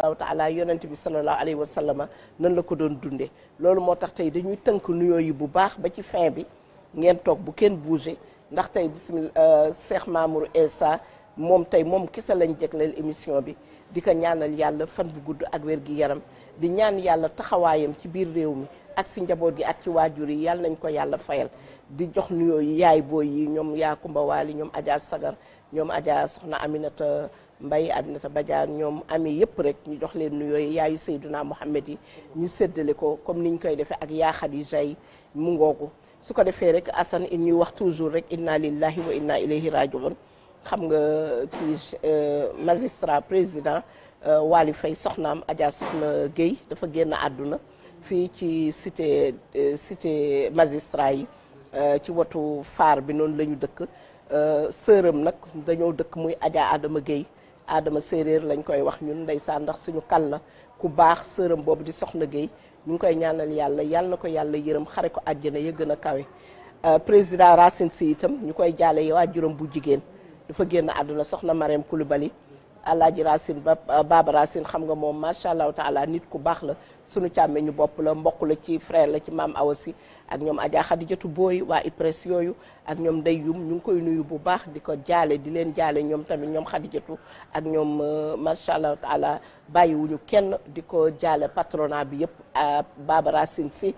allahu taala yonent bi salallahu alayhi wa sallama nan la ko doon dundee loolu moo tax tey dañuy tënk nuyoo yi bu baax ba ci fin bi ngeen toog bu kenn bougé ndax tey bisimilah euh, Cheikh Mamour Essa moom tey moom kese lañ jegleel émission bi di ko ñaanal yàlla fan bu gudd ak wér gi yaram di ñaan yàlla taxawaayam ci biir réew mi ak si njaboot gi ak ci waajur yi yàlla nañ ko yàlla fayal di jox nuyoo yi yaay booy yi ñoom yaa Kumba Waali ñoom ajaa Sagar ñoom Adja Soxna Aminata Mbaye Aminata Badiane ñoom ami yëpp rek ñu jox leen nuyoo yaayu Seyduna Mohamed yi ñu séddale ko comme niñ koy defee ak yaa Xadija yi mu ngoogu su ko defee rek Assane il ñuy wax toujours rek inna lillahi wa inna ilayhi rajiun xam nga kii euh, magistrat président euh, Waly fay soxnaam Adja Soxna Guèye dafa génn àdduna fii ci cité euh, cité magistra yi ci watu faar bi noonu la ñu dëkk sërëm nag dañoo dëkk muy Adja Adama Guèye Adama séeréer lañ koy wax ñun ndeysaan ndax suñu kal la ku baax sëram boobu di soxna Guèye ñu ngi koy ñaanal yàlla yàlla na ko yàlla yërëm xare ko àjjana ya gën a kawe euh, président Racine Sy itam ñu koy jaale waa juróom bu jigéen dafa génn àdduna soxna Marème Coulibaly alaaji Racine ba euh, Baba Racine xam nga moom macha allah taala nit ku baax la suñu càmmee ñu bopp la mbokk la ci frère la ci maam awasi ak ñoom Adja Xadijatu Booy waa IPRES yooyu ak ñoom day yum ñu ngi koy nuyu bu baax di ko jaale di leen jaale ñoom tamit ñoom Xadijatu ak ñoom euh, macha allah taala bàyyiwuñu kenn di ko jaale patronat bi yëpp euh, Babara Sine si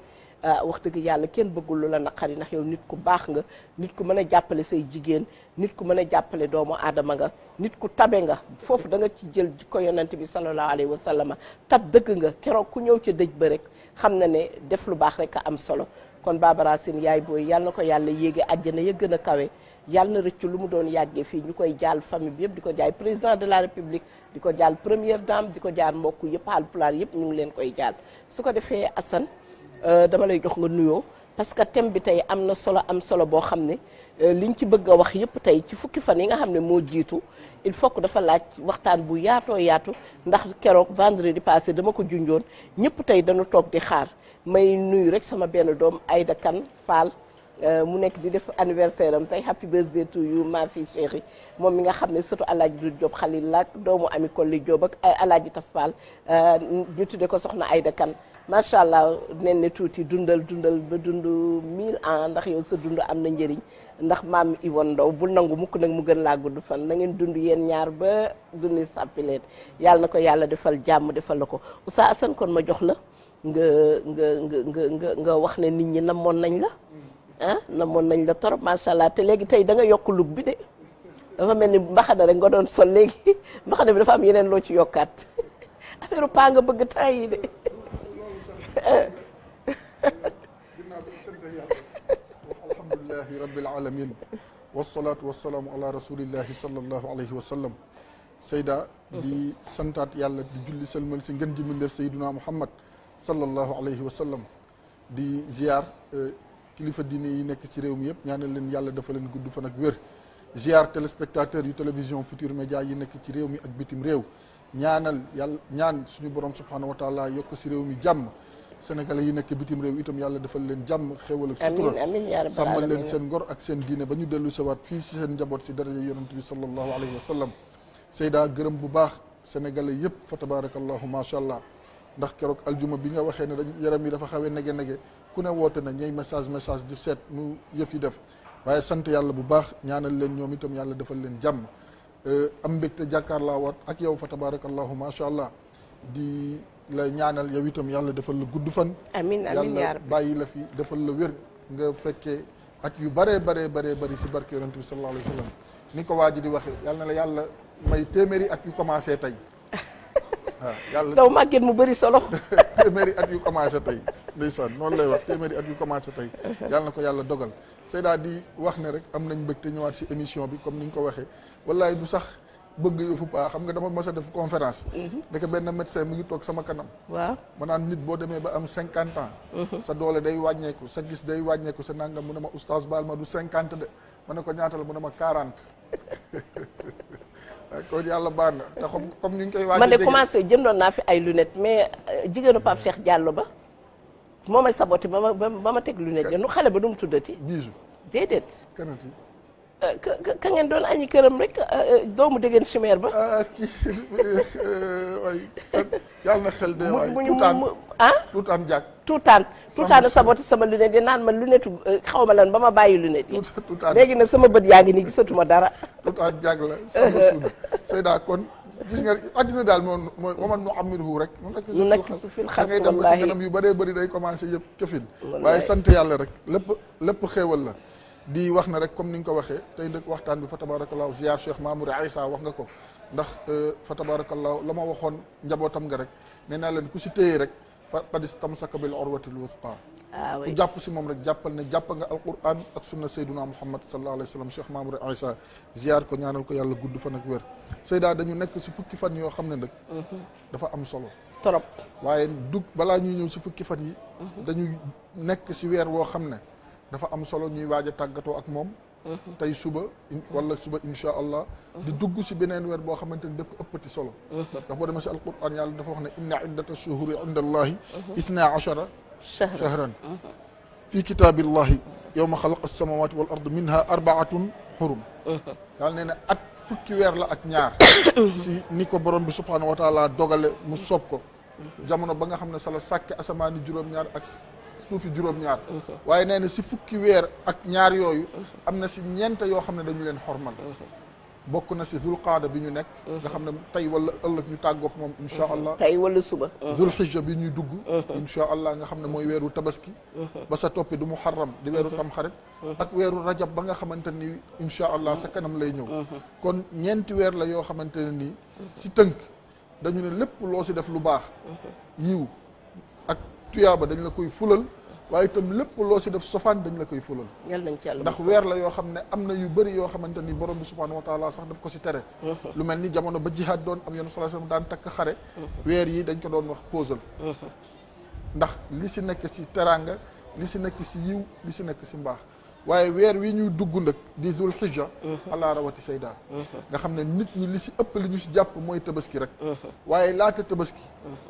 euh, wax dëgg yàlla kenn bëggul lu la naqari nax yow nit ku baax nga nit ku mën a jàppale say jigéen nit ku mën a jàppale doomu aadama nga nit ku tabe nga foofu danga ci jël ko yonent bi sallallahu alayhi wa sallam tab dëgg nga keroog ku ñëw ca dëj ba rek xam na ne def lu baax rek a am solo kon Baabara yaay booy yal na ko yàlla yéege àjjana ya gën a kawe yal na rëcc lu mu doon yàggee fii ñu koy jaal famille yëpp di ko jaay président de la république di ko jaal première dame di ko jaal mbokk yëpp Haalpulaar yëpp ñu leen koy jaal su ko defee Assane euh, dama lay jox nga nuyoo parce que thème bi tey am na solo am solo boo xam ne euh, li ñu ci bëgg a wax yëpp tey ci fukki fan yi nga xam ne moo jiitu il faut que dafa laaj waxtaan bu yaatoo yaatu ndax keroog di passé dama ko junjoon ñëpp tey dañu toog di xaar may nuyu rek sama benn doom Aïda Kane Fall euh, mu nekk di def anniversaire am tey happy birthday to you ma fille chérie moom mi nga xam ne surtout alaaji du Diop Khalil laak doomu Ami Kolli Diop ak euh, alaaji Taf Fall euh, ñu tudde ko soxna Aïda Kane macha allah nen tuuti dundal dundal ba dund mille en ndax yow sa dund am na njëriñ ndax maam Iwon Ndaw bu nangu mukk nag mu gën laa gudd fan na ngeen dund yéen ñaar ba dundi sàppi leen yàlla na ko yàlla defal jàmm defal la ko Oustaz Assane kon ma jox la nga nga nga nga nga wax ne nit ñi namoon nañ la mm. ah namoon nañ la torop macha allah te léegi tey da nga yokk lug bi de dafa mel ni mbaxana rek nga doon sol léegi mbaxana bi dafa am yeneen loo ci yokkaat affaire paa nga bëgg temps yi de. alhamdulilahi rabbil alamin wasalaatu wasalaamu ala rasulillahi sallallahu alayhi wa sallam sayda di santaat yàlla di julli sëlmal si ngën ji mbindeef sayduna muhammad sallallahu alayhi wa sallam di ziar euh, kilifa diine yi nekk ci réew mi yëpp ñaanal leen yàlla dafa leen gudd fan ak wér ziar téléspectateur yu télévision Futur Média yi nekk ci réew mi ak bitim réew ñaanal yàlla ñaan suñu borom subhanahu wa taala yokk si réew mi jàmm sénégalais yi nekk bitim réew itam yàlla defal leen jàmm xéwal ak sutura sàmmal leen seen ngor ak seen diine ba ñu dellu sawaat fii si seen njaboot si daraja yonent bi sallallahu alayhi wa sallam Seyda gërëm bu baax sénégalais yëpp fa tabaarakallahu macha allah ndax keroog aljuma bi nga waxee ne dañ yaram yi dafa xawee nege nege ku ne woote na ñay message message di seet nu yëf yi def waaye sant yàlla bu baax ñaanal leen ñoom itam yàlla defal leen jàmm eh, am mbégte jàkkaarlaa waat ak yow fa tabarakallahu macha allah di la ñaanal yow itam yàlla defal la gudd fan amiin yàlla bàyyi la fi defal la wér nga fekkee at yu baree baree baree bari si barke yonent bi sallallahu alayhi wa ni ko waa ji di waxe yàlla na la yàlla may téeméeri at yu commencé tey Ah, yàlla daw màgget mu bëri solo. téeméeri at yu commencé tey ndeysaan noonu lay wax téeméeri at yu commencé tey yàlla na ko yàlla dogal Seyda di wax ne rek am nañ te ñëwaat si émission bi comme ni ñu ko waxee wallaay du sax bëgg fu paa xam nga dama mës a def conférence mhm. ndeke benn médecin mu ngi toog sama kanam waaw ma naan nit boo demee ba am cinquante ans mhm. sa doole day wàññeeku sa gis day wàññeeku sa nangam mu ne ma oustaz baal ma du cinquante de ma ne ko ñaata la mu ma quarante Eh, kon yàlla baax na te xam comme ni ñu koy waaj man de commencé jëndoon naa fi ay lunet mais euh, jigéenu Pape seex Diallo ba moo may saboté ba ma ba ma teg lunettes ya nu xale ba du mu tuddati bisu déedéet kanati euh, ka ka ngeen doon añi këram rek euh, doomu dégeen chimère ba ah, waay yàlla na xel de waay tuutaan jàkk tuutaan tuutaan saboté sama lunette yi naan ma lunette euh, xaw ma lan ba ma bàyyi lunette yi léegi nag sama bët yaa ngi nii gisatuma dara tuutaan jàgg la sama suuna Seyda kon gis nga addina daal moom mooy waman nu amirhu rek nu nekk su fil xal ngay dem ba si kanam yu bëree bëri day commencé yëpp cofin waaye sant yàlla rek lépp lépp xéewal la di wax na rek comme ni nga ko waxee tey nag waxtaan bi fa tabarakallahu ziar Cheikh Mamour Aïssa wax nga ko ndax euh, fa tabarakallahu la ma waxoon njabootam nga rek nee naa si téye rek qad istamsaka bil urwatil wusqa ah, ku jàpp si moom rek jàppal ne jàpp nga alquran ak sunna sayduna muhammad sallallahu alayhi wa sallam cheikh mamour isa ziar ko ñaanal ko yàlla gudd fan ak wér sayda dañu nekk si fukki fan yoo xam ne nag dafa am solo trop waaye dug balaa ñuy ñëw si fukki fan yi dañu nekk si weer woo xam ne dafa am solo ñuy waaj a tàggatoo ak moom Mm-hmm. tey suba wala suba insha allah di mm-hmm. dugg si beneen weer boo xamante ni daf ko ëppati solo mm-hmm. ndax boo demee si alquran yàlla dafa wax ne inna iddata shuhuri inda allahi ithna achara shahran fi kitaabillahi yowma xalaqa alsamawati wal ard minha arbaatun xurum yàlla nee na at fukki weer la ak ñaar si ni ko borom bi subhanahu wa taala dogale mu soob ko jamono ba nga xam ne sala sàkk asamaani juróom-ñaar ak suufi juróom-ñaar waaye nee na si fukki weer ak ñaar yooyu am na si ñeente yoo xam ne dañu leen xormal bokk na si zulqaada bi ñu nekk nga xam ne tey wala ëllëg ñu tàggook moom incha allah tey wala suba zulxijja bi ñuy dugg incha allah nga xam ne mooy weeru tabaski ba sa toppi du muharram di weeru tamxarit ak weeru rajab ba nga xamante ni incha allah sa kanam lay ñëw kon ñeenti weer la yoo xamante ne nii si tënk dañu ne lépp loo si def lu baax yiw tuyaaba dañ la koy fulal waaye itam lépp loo si def sofaan dañ la koy fulal ndax weer la yoo xam ne am na yu bëri yoo xamante ni borom bi subhanahu wa taala sax daf ko si tere mhm. lu mel ni jamono ba jihaad doon am yoon sallallahu alayhi wasallam daan takk xare mhm. weer yi dañ ko doon wax posal mhm. ndax li si nekk si teraanga li si nekk si yiw li si nekk si mbaax waaye weer wi ñuy dugg nag di zul xijja mhm. allah rawati sayda mhm. nga xam ne nit ñi li si ëpp li ñu si jàpp mooy tabaski rek mhm. waaye laata tabaski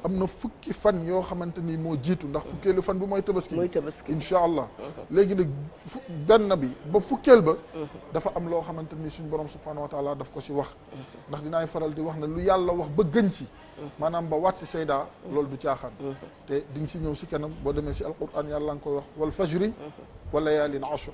am na fukki fan yoo xamante ni moo jiitu ndax fukkeelu fan bi mooy tabaski incha allah léegi nag benn bi ba fukkeel ba dafa am loo xamante ni suñ borom subhanahu wa taala daf ko si wax ndax dinaay faral di wax ne lu yàlla wax ba gën si maanaam ba waat si sayda lool du caaxaan te di si ñëw si kanam boo demee si alquran yàlla nga koy wax wal fajri wala yaalin ashra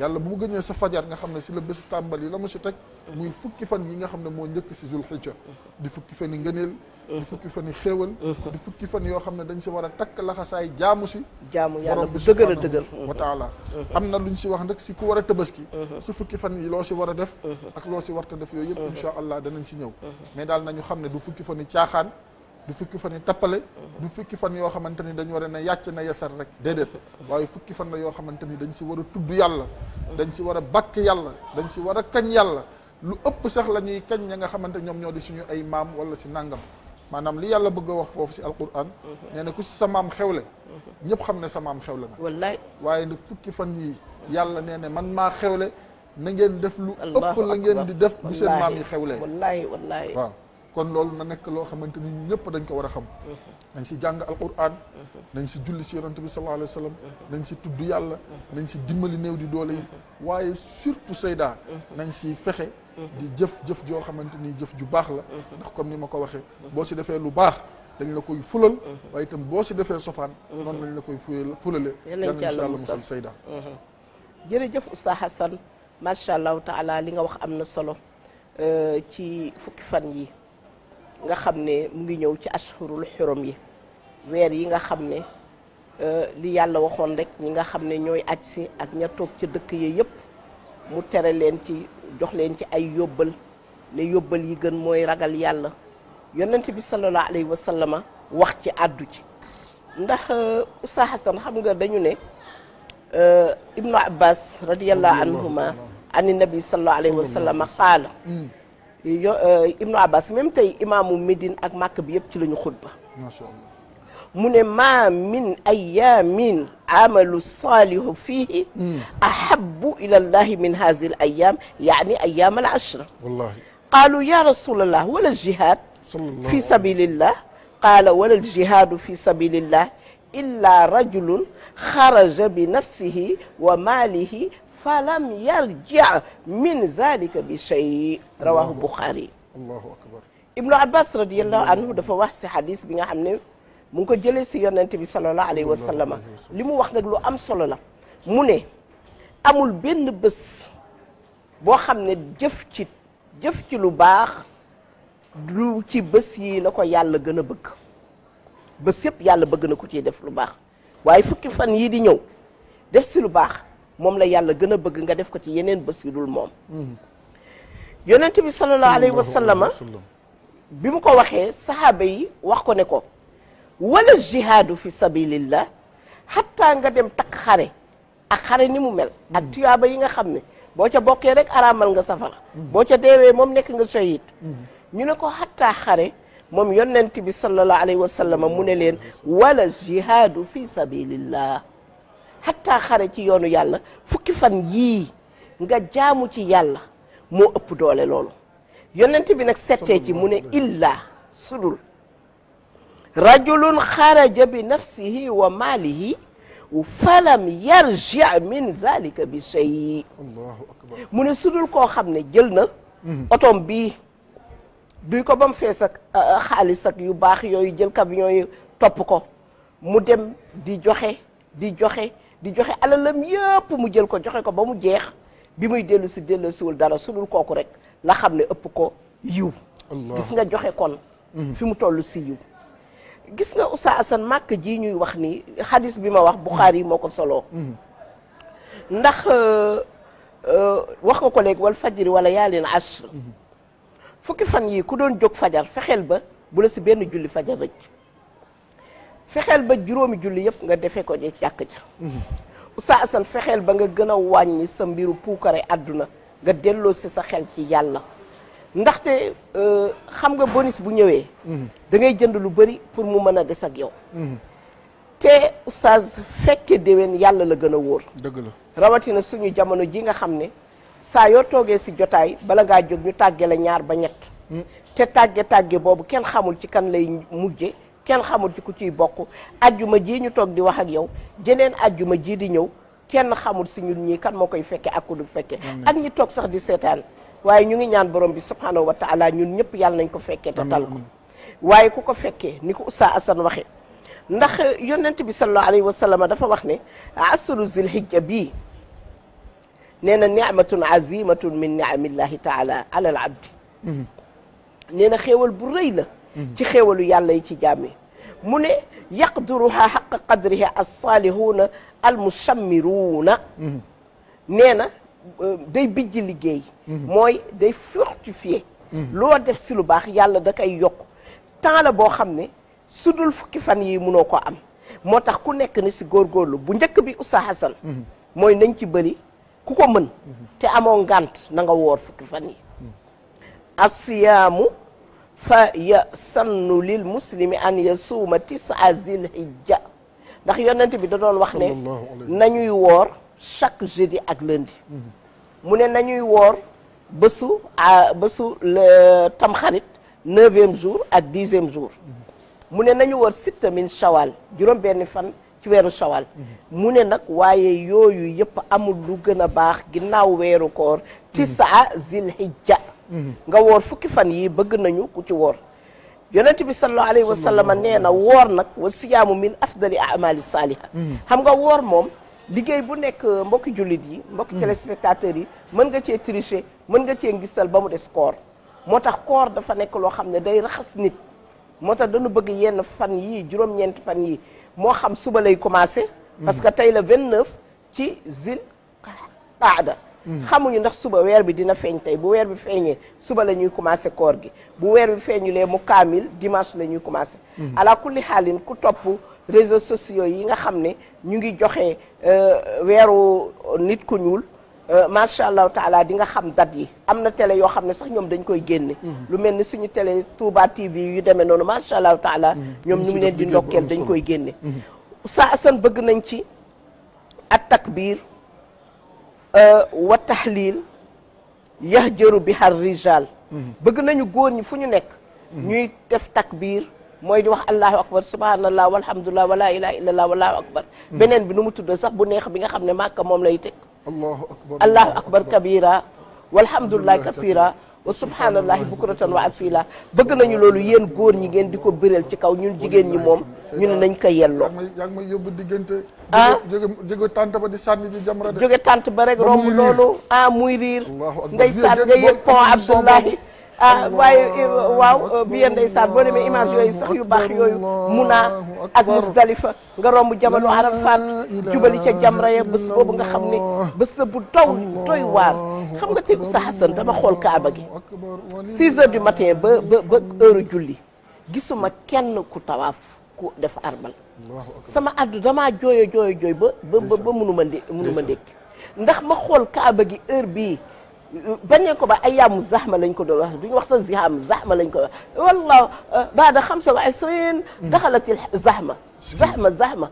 yàlla bu mu gëñee sa fajar nga xam ne si la bés tàmbali la mu si teg muy fukki fan yi nga xam ne moo njëkk si zulxijja di fukki fan yi ngëneel di fukki fan yi xéewal di fukki fan yoo xam ne dañ si war a takk laxasaay jaamu si jaamu yàlla bu dëggal a dëggal wa taala am na luñ si wax nag si ku war a tabaski su fukki fan yi loo si war a def ak loo si warta def yooyu yëpp incha allah danañ si ñëw mais daal nañu xam ne du fukki fan yi caaxaan du fukki fan yi tappale du fukki fan yoo xamante ni dañ war a ne yàcc na yasar rek déedéet waaye fukki fan la yoo xamante ni dañ si war a tudd yàlla dañ si war a bàkk yàlla dañ si war a kañ yàlla lu ëpp sax la ñuy kañ ña nga xamante ñoom ñoo di suñu ay maam wala si nàngam maanaam li yàlla bëgg a wax foofu si alquran nee na ku si sa maam xewle ñëpp xam ne sa maam xewle na wallaay waaye nag fukki fan yi yàlla nee ne man maa xewle na ngeen def lu ëpp la ngeen di def bu seen maam yi xewlee wallaay wallaay waaw kon loolu na nekk loo xamante ni ñëpp dañ ko war a xam mm-hmm. nañ si jàng alquran mm-hmm. nañ si julli si yonante bi sallallahu alayhi wa sallam mm-hmm. nañ si tudd yàlla nañ si dimbali néew di doole waaye surtout sayda nañ si fexe di jëf jëf joo xamante ni jëf ju baax la comme ni ma ko waxee boo si defee lu baax dañ la koy fulal waaye itam boo si defee sofaan noonu lañ la koy fulal fulale yàlla incha allah musal sayda jërëjëf Oustaz Assane macha allahu li nga wax am na solo euh, ci fukki fan yi nga xam ne mu ngi ñëw ci ashurul xurum yi weer yi nga xam ne euh, li yàlla waxoon rek ñi nga xam ne ñooy aj si ak ña toog ca dëkk yi yëpp mu tere leen ci jox leen ci ay yóbbal ne yóbbal yi gën mooy ragal yàlla yonent bi sallallahu alayhi wa sallama wax ci àddu ci ndax euh, Oustaz Hassane xam nga dañu ne euh, ibnu abbas radiallahu anhuma an nabi sallallahu alayhi wa sallama qaala hmm. yo eh, Ibnu Abbas même tey imaamu Médine ak Màkk bi yëpp ci la ñu xutba mu ne ma min ayamin amalu saalihu fiihi hmm. ahabu ila llahi min hazihi l ayam yaani ayam al ashra wallahi qaalu ya rasulallah wala jihad fi sabilillah qaala wala jihadu fi sabilillah illa rajulun xaraja bi nafsihi wa maalihi falam yarja min zalika bi shay rawahu Bukhari allahu akbar ibnu abbas radiallahu anhu dafa wax si hadis bi nga xam ne mu ngi ko jëlee si yonente bi salallahu alayhi wa sallama li mu wax nag lu am solo la mu ne amul benn bés boo xam ne jëf ci jëf ci lu baax lu ci bés yi la ko yàlla gën a bëgg bés yëpp yàlla bëgg na ko ciy def lu baax waaye fukki fan yii di ñëw def si lu baax moom la yàlla gën a bëgg nga def ko ci yeneen bés dul moom hmm. yonent bi sallallahu alayhi wa bi mu ko waxee sahaaba yi wax ko ne ko wala jihaadu fi sabilillah xatta nga dem takk xare ak xare ni mu mel ak hmm. tuyaaba yi nga xam ne boo ca bokkee rek araamal nga safara hmm. boo ca deewee moom nekk nga shahid ñu ne ko xatta xare moom yonent bi sallallahu alayhi wa mu ne leen wala jihaadu fi sabilillah xattaa xare ci yoonu yàlla fukki fan yii nga jaamu ci yàlla moo ëpp doole loolu yonent bi nag settee ci mu ne illaa sudul rajulun xaraja bi nafsihi wa maalihi falam yarji min zalika bi shay mu ne sudul koo xam ne jël na mhm. otom bi duy ko ba mu fees ak xaalis ak yu baax yooyu jël camion yi topp ko mu dem di joxe di joxe di joxe alalam yëpp mu jël ko joxe ko ba mu jeex bi muy dellu si dellu siwul dara su dul kooku rek la xam ne ëpp ko yiw gis nga joxe kon mhm. fi mu toll si yiw gis nga Oustaz Assane màkk ji ñuy wax ni xadiis bi ma wax Buxaari yi moo ko soloo mhm. mhm. ndax euh, euh, wax nga ko léegi wal fajri wala yaalin ashr fukki fan yi ku doon jóg fajar fexeel ba bu la si benn julli fajar rëcc fexeel ba juróomi julli yëpp nga defee ko ci jàkk ja Oustaz Assane fexeel ba nga gën a wàññi sa mbiru puukare àdduna nga delloo si sa xel ci yàlla ndaxte euh, xam nga bonus bu ñëwee mhm. da ngay jënd lu bari pour mu mën a des ak yow mhm. te Oustaz fekke déwén yàlla la gën a wóor dëgg rawatina suñu jamono ji nga xam ne saa yoo toogee si jotaay bala ngaa jóg ñu tàgge la ñaar ba ñett mhm. te tàgge tàgge boobu kenn xamul ci kan lay mujje kenn xamul ci ku ciy bokk ajjuma ji ñu toog di wax ak yow jeneen ajjuma ji di ñëw kenn xamul si ñun ñii kan moo koy fekke ak ku du fekke ak ñi toog sax di seetaan waaye ñu ngi ñaan borom bi subhanahu wa ñun ñëpp yàlla nañ ko fekkee te tal ko waaye ku ko fekkee ni ko Oustaz Assane waxee ndax yonent bi sallallahu alayhi wa sallam dafa wax ne asru zilhijja bii nee na ni'matun azimatun min ni'amillahi taala alal abdi nee na xéewal bu rëy la ci xéewalu yàlla yi ci jaam mu ne yaqduruha xaqa qadriha alsaalihuuna almusammiruuna mhm. nee na day bijj liggéey mhm. mooy day fortifier mhm. loo def si lu baax yàlla da koy yokk temps la boo xam ne su dul fukki fan yi munoo ko am moo tax ku nekk ni si góorgóorlu bu njëkk bi Oustaz Assane mooy nañ ci bëri ku ko mën te amoo ngànt nanga nga woor fukki fan yi asiyaamu fa yasannu lil muslimi an yasuuma tisa zilhijja ndax yonent bi da doon wax ne nañuy woor chaque jeudi ak lundi mu ne nañuy woor bésu a bésu tamxarit neuvième jour ak dixième jour mu ne nañu wor sitta min shawal juróom benni fan ci weeru shawal mu ne nag waaye yooyu yëpp amul lu gën a baax ginnaaw weeru koor tisa zilhijja nga woor fukki fan yii bëgg nañu ku ci woor yonent bi sallallahu alayhi wa sallama nee na woor nag wa siyaamu min afdali amali saaliha mm-hmm. xam nga woor moom liggéey bu nekk mbokki jullit yi mbokki mm-hmm. téléspectateurs yi mën nga cee tricher mën nga cee ngisal ba mu des koor moo tax koor dafa nekk loo xam ne day raxas nit moo tax dañu bëgg yenn fan yii juróom-ñeenti fan yi moo xam suba lay commencé mm-hmm. parce que tey la 29 ci zil qaada xamuñu ndax suba weer bi dina feeñ tey bu weer bi feeñee suba la ñuy commencé koor gi bu weer bi feeñulee mu kaamil dimanche la ñuy commencé ala kulli xaalin ku topp réseaux sociaux yi nga xam ne ñu ngi joxe weeru nit ku ñuul macha allahu taala di nga xam dat yi am na télé yoo xam ne sax ñoom dañ koy génne lu mel ni suñu télé Touba TV yu demee noonu macha allah taala ñoom ñu ngi leen di ndokkeel dañ koy génne saa asan bëgg nañ ci at takbir Euh, wa taxliil yahjaru bi har rijal bëgg nañu góor ñi fu ñu nekk ñuy def takbir mooy di wax allahu akbar subhanallah wal wala ilaha illallah wallahu akbar beneen bi nu mu tudd sax bu neex bi nga xam ne màkka moom lay teg allahu akbar allahu akbar kabira walhamdulillah kasira wa subhaanallahi bukratan wa asila bëgg nañu loolu yéen góor ñi ngeen di ko bëréel ci kaw ñun jigéen ñi moom ñu ne nañ ko yelloo yaa ngi may yóbbu diggante ah jóge jóge tante ba di sànni ci jamra de jóge tante ba rek romb loolu ah, muy riir ndeysaan nga yëg pont Abdullahi a ah, waaye eh, waaw eh, bien ndeysaan boo demee image yooyu sax yu baax yooyu Muna ak Musdalifa nga romb jabalu Arafat jubali ca jamra ya bés boobu nga xam ne bés la bu daw doy waar xam nga tey Oustaz Assane dama xool Kaaba gi 6 heures du matin ba ba ba heure julli gisuma kenn ku tawaaf ku def arbal sama addu damaa jooyo jooyo jooy ba ba ba mënu ma ndé ma ndax ma xool Kaaba gi heure bii bañee ko ba ayaamu zahma lañ ko doon wax duñu wax sa zihaam zahma lañ ko wax wallah euh, baada xamsa wa isrin hmm. daxalati zahma zahma zahma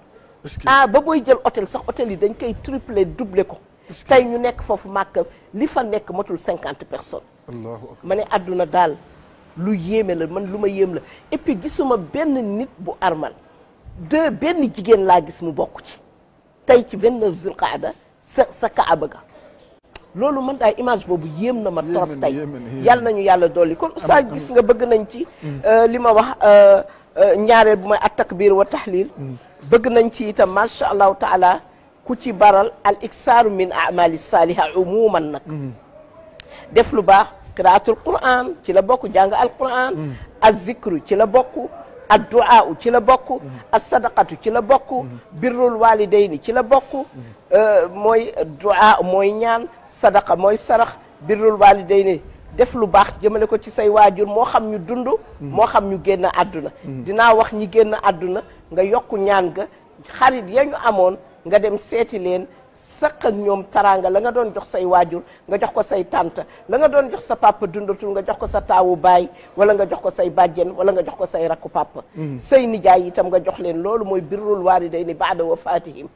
ah ba booy jël hôtel sax hôtel yi dañ koy triplé doublé ko tey ñu nekk foofu màkk li fa nekk matul cinquante personnes ma ne àdduna daal lu yéeme la man lu ma yéem la et gisuma benn nit bu armal de benn jigéen laa gis mu bokk ci tey ci vingt neuf zulqaada sa sa kaaba ga loolu man daay image boobu yéem na ma trop tey yàlla nañu yàlla dolli kon oustaz gis nga bëgg nañ ci mm. euh, li ma wax euh, euh, ñaareel bu may at takbir wa tahlil mm. bëgg nañ ci itam macha allahu taala ku ci baral al iksaaru min amali saaliha umuman nag mm. def lu baax qiraatul quran ci la bokk jàng al quran az zikru ci la bokk addu'a ci la bokk as-sadaqatu ci la bokk birrul walidayni ci la bokk euh, mooy du'a mooy ñaan sadaqa mooy sarax birrul walidayni def lu baax jëmale ko ci say waajur moo xam ñu dund moo xam ñu génn àdduna dinaa wax ñi génn àdduna nga yokku ñaan ga xarit ya ñu amoon nga dem seeti leen saq ak ñoom taraanga la nga doon jox say waajur nga jox ko say tante la nga doon jox sa papa dundatul nga jox ko sa taawu baay wala nga jox ko say bàjjen wala nga jox ko say rakku papa mm-hmm. say nijaay yitam nga jox leen loolu mooy birrul waalidayni baada wafaatihim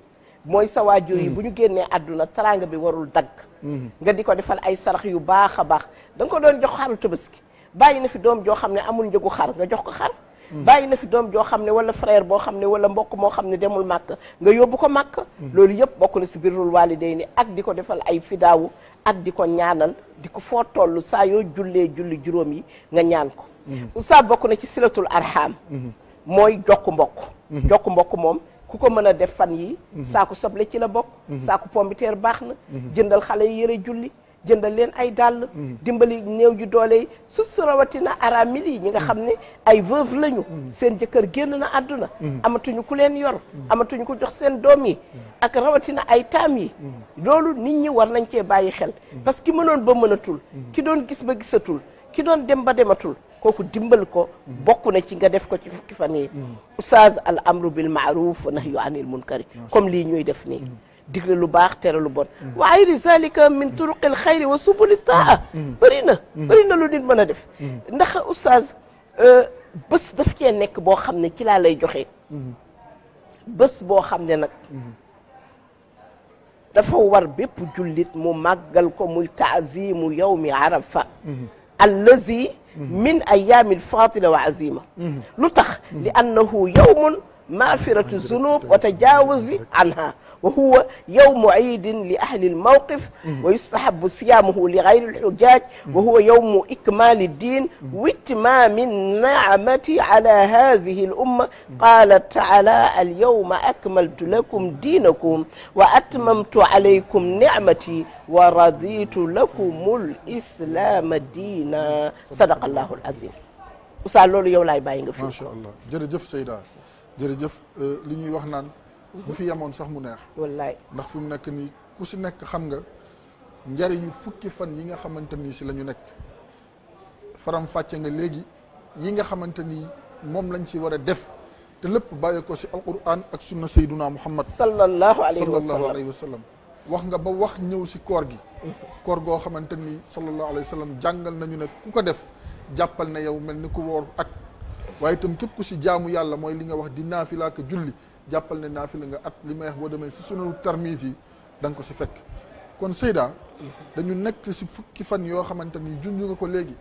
mooy sa waajur yi mm-hmm. bu ñu génnee àdduna taraanga bi warul dagg mm-hmm. nga di ko defal ay sarax yu baax a baax da nga ko doon jox xaru tabaski bàyyi na fi doom joo xam ne amul njëgu xar nga jox ko xar bàyyi na fi doom joo xam ne wala frère boo xam ne wala mbokk moo xam ne demul màkk nga yóbbu ko màkk mm-hmm. loolu yëpp bokk na si birrul ni ak di ko defal ay fidaawu ak di ko ñaanal di ko foo tollu saa yoo jullee julli juróom yi nga ñaan ko mm-hmm. saa bokk na ci silatul arham mm-hmm. mooy jokk mbokk jokk mbokk moom ku ko mën a def fan yi saaku soble ci la bokk saaku pombiteer baax na jëndal xale yi yëre julli jëndal leen ay dàll mm. dimbali néew ju doole yi su su rawatina aramil yi ñi nga xam ne ay veuve lañu mm. seen jëkkër génn na àdduna mm. amatuñu ku leen yor amatuñu ko jox seen doom yi ak rawatina ay taam yi loolu nit ñi war nañ cee bàyyi xel parce que ki mënoon ba mënatul ki doon gis ba gisatul ki doon dem ba dematul kooku dimbal ko bokk na ci nga def ko ci fukki fan yi oustaz al amru bil maaruf nahyu anil munkari comme lii ñuy def nii digle lu baax tere lu bon wa ayri zalika min turuqil xayri wa subuli taa bëri na bëri na lu nit mën a def ndax oustaz euh, bés daf cee nekk boo xam ne ci laa lay joxe bés boo xam ne nag dafa war bépp jullit mu màggal ko muy taazimu yawmi arafa allazi min ayaamil fatila wa azima lu tax li annahu yawmun maafiratu zunub wa tajawuzi anha wa huwa yawmu iidin li ahli almawqif mhm. wa yustahabu siyaamuhu li gayri alxujaaj wa mhm. huwa yawmu ikmaali diin mhm. wa itmaami nnicmati ala haadihi alumma qaala taala alyawma akmaltu lakum diinakum wa atmamtu alaykum nicmati wa raditu lakum alislaama diina sadaqa allahu alazim usaa loolu yow laay bàyyi nga fi macha allah jërëjëf Seyda jërëjëf euh, li ñuy wax naan bu fi yemoon sax mu neex. wallaay ndax fi mu nekk nii ku si nekk xam nga njariñu fukki fan yi nga xamante ni si lañu nekk faram fàcce nga léegi yi nga xamante ni moom lañ si war a def te lépp bàyyi ko si alquran ak sunna sayduna muhammad sallallahu alayhi wa sallam wax nga ba wax ñëw si koor gi koor goo xamante ni sallallahu alayhi wa sallam jàngal nañu ne ku ko def jàppal na yow mel ni ku woor at waaye itam képp ku si jaamu yàlla mooy li nga wax di naafila julli jàppal ne naa fi la nga at li ma wax boo demee si sunu tarmiit yi da nga ko si fekk kon Seyda dañu nekk si fukki fan yoo xamante ni junj nga ko léegi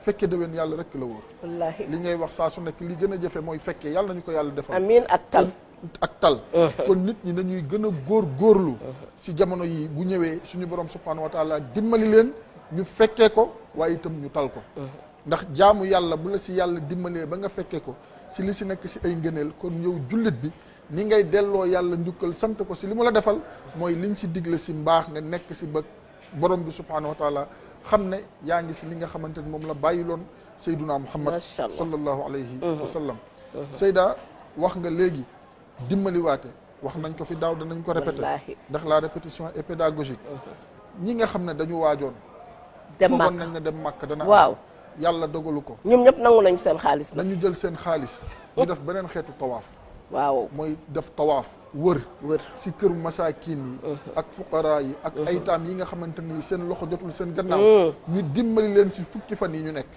fekkee déwén yàlla rek la wóor wallaahi li ngay wax saa su nekk li gën a jafe mooy fekkee yàlla nañu ko yàlla defal amiin ak tal ak tal kon uh-huh. nit ñi nañuy gën a góor góorlu uh-huh. si jamono yi bu ñëwee suñu borom subhaanahu wa taala dimbali leen ñu fekkee ko waaye itam ñu tal ko uh-huh. ndax jaamu yàlla bu la si yàlla dimbalee ba nga fekkee ko si li si nekk si ay ngëneel kon yow jullit bi ni ngay delloo yàlla njukkal sant ko si li mu la defal mooy liñ si digle si mbaax nga nekk si bëgg borom bi subhaanahu wa taala xam ne yaa ngi si li nga xamante ni moom la bàyyi bàyyiloon sayduna muhammad sallallahu alayhi uh-huh. wa sallam uh-huh. sayda wax nga léegi dimbaliwaate wax nañ ko fi daaw danañ ko répété ndax la répétition est pédagogique uh-huh. ñi nga xam ne dañu waajoon foogoon nañ ne dem màkk dana waaw yàlla dogalu ko ñoom ñëpp nangu nañ seen xaalis nañu jël seen xaalis ñu def beneen xeetu tawaaf waaw mooy def tawaaf wër wër si kër masaakin yi uh-huh. ak fuqaraa yi ak aytaam uh-huh. yi nga xamante ni seen loxo jotul seen gannaaw uh-huh. ñu dimbali leen si fukki fan yi ñu nekk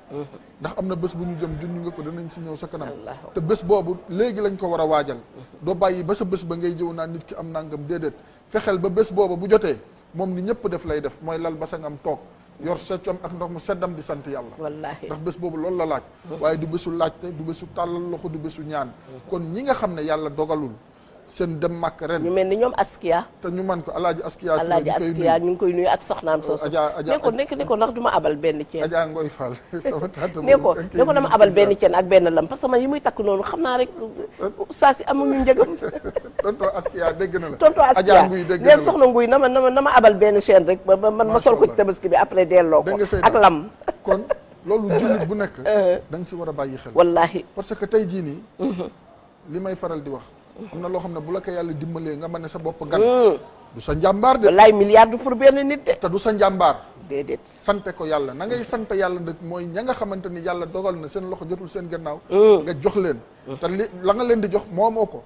ndax am na bés bu ñu jëm ju junñu nga ko danañ si ñëw sa kanam te bés boobu léegi lañ ko war a waajal doo bàyyi ba sa bés ba ngay jëw naa nit ki am nangam déedéet fexeel ba bés booba bu jotee moom ni ñëpp def lay def mooy lal basangam toog yor seccom ak ndox mu seddam di sant yàlla wallaahi ndax bés boobu loolu la laaj waaye du bésu laajte du bésu tàllal loxo du bésu ñaan mm. kon ñi nga xam ne yàlla dogalul seen dem màkk ren ñu mel ni ñoom Askia. te ñu man ko alaaji Askia. alaaji Askia ñu ngi koy nuyu ak soxnaam soosu. Adja Adja ne ko ko ndax du ma abal benn ceen. Adja Ngoy Fall sama tante benn ceen ak benn lam parce que man yi muy takk noonu xam naa rek saa si amuñu njëgam. tonton Askia dégg na la. tonton Askia neen soxna nguy na ma na ma na ma abal benn ceen rek ba man ma sol ko ci tabaski bi après delloo ko ak lam kon loolu jullit bu nekk. Uh-huh. da nga si war a bàyyi xel. wallaahi parce que tey jii nii. Mm-hmm. li may faral di wax am na loo xam ne bu la ko yàlla dimbalee nga mën ne sa bopp gan mm. du sa njàmbaar de laay milliard du pour nit te du sa njàmbaar déedéet sante ko yàlla na ngay sant yàlla nag mooy ña nga xamante ni yàlla dogal na seen loxo jotul seen gannaaw mm. nga jox leen te li la nga leen di jox moomoo ko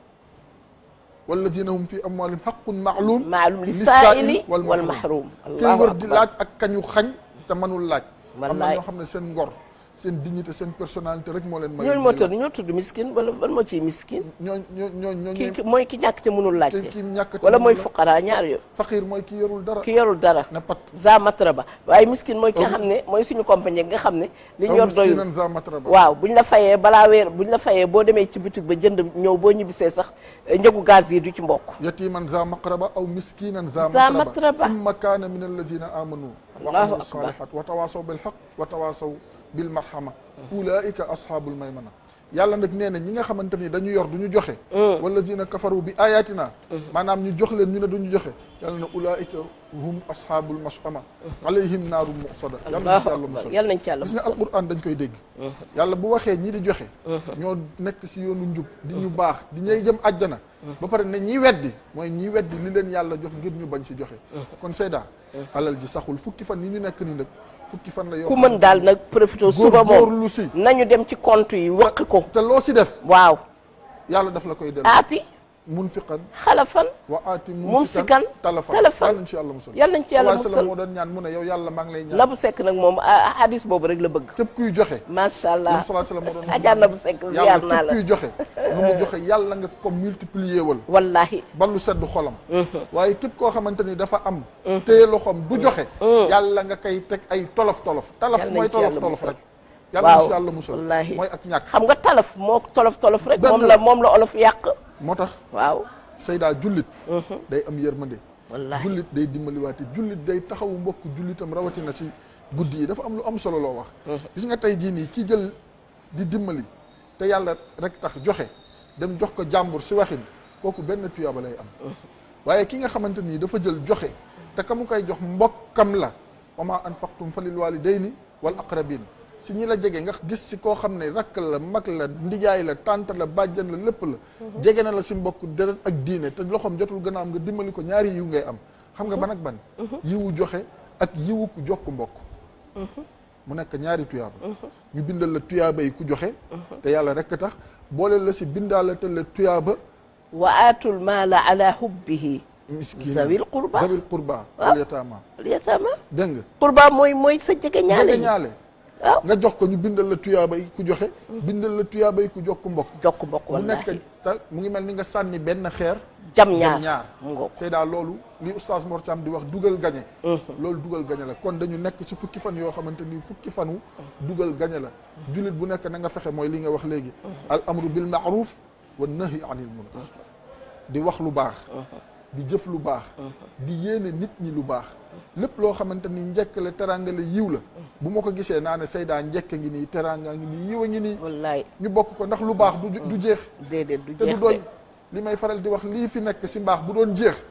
walladina hum fi amwaalihim haqqun ma'luum ma'luum lis-saa'ili wal mahruum kay war di laaj ak kañu xañ te mënul laaj am na ñoo xam ne seen ngor seen dignité seen personnalité rek moo leen. may ñooñu moo tax ñoo tudd miskin wala ban moo ciy miskin. ñooñu ñooñu ñooñu ki mooy ki ñàkk te mënul laajte. te ki ñàkk te wala mooy fuqara ñaar yo fakir mooy ki yorul dara. ki yorul dara. na pat za matraba waaye miskin mooy ki nga xam ne mooy suñu compagnie nga xam ne. li ñu yor doyul za matraba waaw buñ la fayee balaa weer buñ la fayee boo demee ci boutique ba jënd ñëw boo ñibbisee sax eh, njëgu gaz yi du ci mbokk. yatiman za maqraba aw miskinan za matraba summa kaana min alladina amanu wa amilu salihat wa tawasaw bil haq wa tawasaw bil marhama ulaika ashabul maymana yàlla nag nee na ñi nga xamante ni dañu yor du ñu joxe mm. wallazina kafaru bi ayatina maanaam ñu jox leen ñu ne du ñu joxe yàlla na ulaika hum ashabul mashama alayhim naaru musada yàlla nañ ci yàlla musal gis nga alquran dañ koy dégg mm. yàlla bu waxee ñi di joxe mm. ñoo nekk si yoonu njub di ñu baax di ñay jëm àjjana ba pare ne ñiy weddi mooy ñiy weddi li leen yàlla jox ngir ñu bañ si joxe kon sayda alal ji saxul fukki fan yi ñu nekk ni nag fukki fan la yoo ku mën daal nag profité suba moom nañu dem ci compte yi wax ko te loo si def waaw yàlla daf la koy dellu aati munfiqan xalafan wa aati mumsikan talafan talafan incha allah musal yal nañ ci yàlla musal moo doon ñaan mu ne yow yàlla maa ngi lay ñaan na bu sekk nag moom ah, ah, hadis boobu rek la bëgg képp kuy joxe macha allah ajaa la bu sekk ziar naa la képp kuy joxe lu mu joxe yàlla nga ko multiplier wal wallahi ballu sedd xolam mhm. waaye képp koo xamante ni dafa am mhm. téye loxoom du joxe mhm. yàlla nga koy teg ay tolof tolof talaf mooy tolof tolof rek waaw yàlla musal mooy ak ñàkk xam nga talaf moo tolof tolof rek moom la moom la olof yàq moo tax waaw Seydaa jullit mhm. day am yërmande wallaahi jullit day dimbaliwaate jullit day taxawu mbokk jullitam rawatina si guddi yi dafa am lu am solo loo wax mhm. gis nga tey jii nii ki jël di dimbali te yàlla rek tax joxe dem jox ko jàmbur si waxin kooku benn tuyaaba lay am mhm. waaye ki nga xamante nii dafa jël joxe te ka mu koy jox mbokkam la wa maa anfaqtum fa lil waalidayni wal aqrabiin si ñi la jege nga gis si koo xam ne rakk la mag la ndijaay la tante la bàjjan la lépp la mhm. jege na la si mbokk deret ak diine te loxoom jotul gën am nga dimbali ko ñaari yiw ngay am xam nga ban ak ban mhm. Mhm. yiwu joxe ak yiwu ku jokk mbokk mu nekk ñaari tuyaaba ñu bindal la tuyaaba yi ku joxe te yàlla rekk tax boole la si bindaale te la tuyaaba wa aatul maala ala hubbihi miskiin zawil qurba zawil qurba wal yataama wal mooy mooy sa jege ñaale Ah. nga jox ko ñu bindal la tuyaabay ku joxe. Mm-hmm. bindal la tuyaabay ku jokk mbokk. jokk mbokk mu nekk mu ngi mel ni nga sànni benn xeer. jam ñaar jam ñaar. Seyda loolu li oustaz Mor Thiam di wax dugal gañe mm-hmm. loolu dugal gañe la kon dañu nekk ci fukki fan yoo xamante ni fukki fanu. Mm-hmm. dugal gañe la. jullit bu nekk na nga fexe mooy li nga wax léegi. al amru bil maaruf wa nahi anil munkar di wax lu baax. di jëf lu baax uh-huh. di yéene nit ñi lu baax lépp loo xamante ni njekk la teraanga la yiw la uh-huh. bu ma ko gisee naa ne Seyda njekk ngi nii teraanga ngi nii yiw a ngi nii wallaay ñu bokk ko ndax lu baax du du uh-huh. jeex déedéet du jeex te du doy li may faral di wax lii fi nekk si mbaax bu doon jeex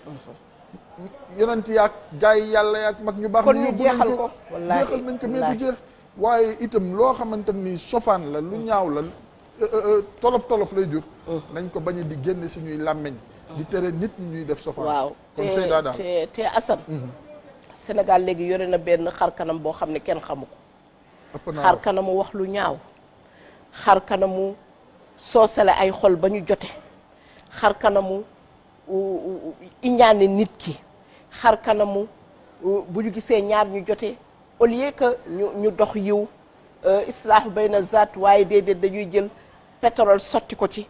yonent yaag gaay yi yàlla yaag mag ñu baax kon ñu jeexal ko jeexal nañ ko mais du jeex waaye itam loo xamante ni sofaan la lu ñaaw la euh, euh, euh, tolof tolof lay jur nañ ko bañ di génn si ñuy làmmeñ di tere nit ñi ñuy def sofaan waaw te te Assane mhm. Sénégal léegi yore na benn xar kanam boo xam ne kenn xamu ko xar kanamu wax lu ñaaw xar kanamu soosale ay xol ba ñu jote xar kanamu iñaane nit ki xar kanamu bu ñu gisee ñaar ñu jote au lieu que ñu ñu dox yiw euh, islah bay na zaat waaye déedéet dañuy jël pétrole sotti ko ci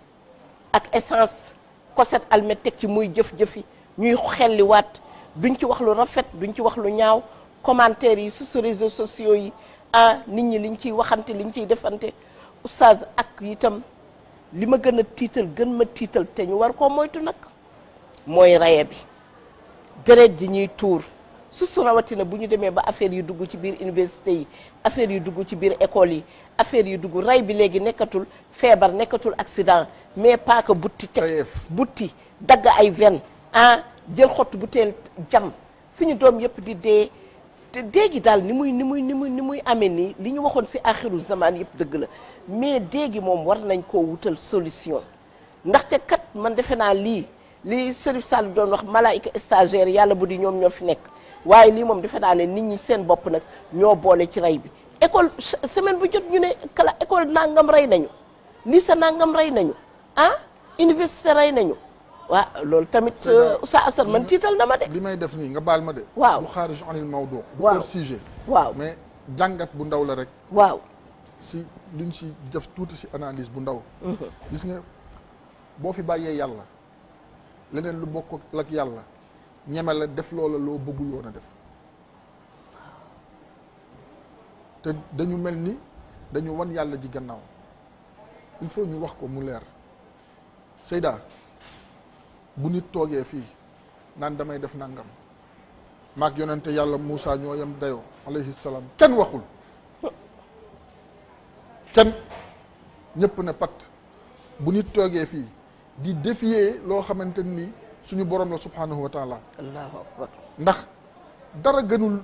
ak essence koset almet teg ci muy jëf-jëfi ñuy xelliwaat duñ ci wax lu rafet duñ ci wax lu ñaaw commentaires yi sur réseaux sociaux yi ah nit ñi liñ ciy waxante liñ ciy defante oustaz ak itam li ma gën a tiital gën ma tiital te ñu war ko moytu nag mooy raye bi deret ji ñuy tuur su su rawatina bu ñu demee ba affaire yi dugg ci biir université yi affaire yu dugg ci biir école yi affaire yi dugg rey bi léegi nekkatul feebar nekkatul accident mais paaka butti teg butti dagg ay ven ah jël xottu bu teel jam suñu doom yëpp di dee te dee gi daal ni muy ni muy ni muy ni muy amee nii li ñu waxoon si axiru zaman yëpp dëgg la mais dee moom war nañ koo wutal solution ndaxte kat man defe naa lii li Serif Sall doon wax malaayika stagiaire yàlla bu di ñoom ñoo fi nekk waaye lii moom defe naa ne nit ñi seen bopp nag ñoo boole ci rey bi école semaine bu jot ñu ne kala école nangam rey nañu sa nangam rey nañu ah université rey nañu waaw loolu tamit sa euh, asar man tiital na ma de. li may def nii nga baal ma de. waaw bu xaarij anil mawdu waaw sujet. waaw mais jàngat bu ndaw la rek. waaw si luñ si jëf tuuti si analyse bu ndaw. Mhm. gis boo fi bàyyee yàlla leneen lu bokk ak yàlla ñeme la def loola loo bugg woon a def. te dañu mel ni dañu wan yàlla ji gannaaw il faut ñu wax ko mu leer Seyda bu nit toogee fii naan damay def nangam maag yonente yàlla Moussa ñoo yem dayoo alayhi kenn waxul kenn ñépp na pat bu nit toogee fii di défier loo xamante ni suñu boroom la subhanahu wa taala allahu ndax dara gënul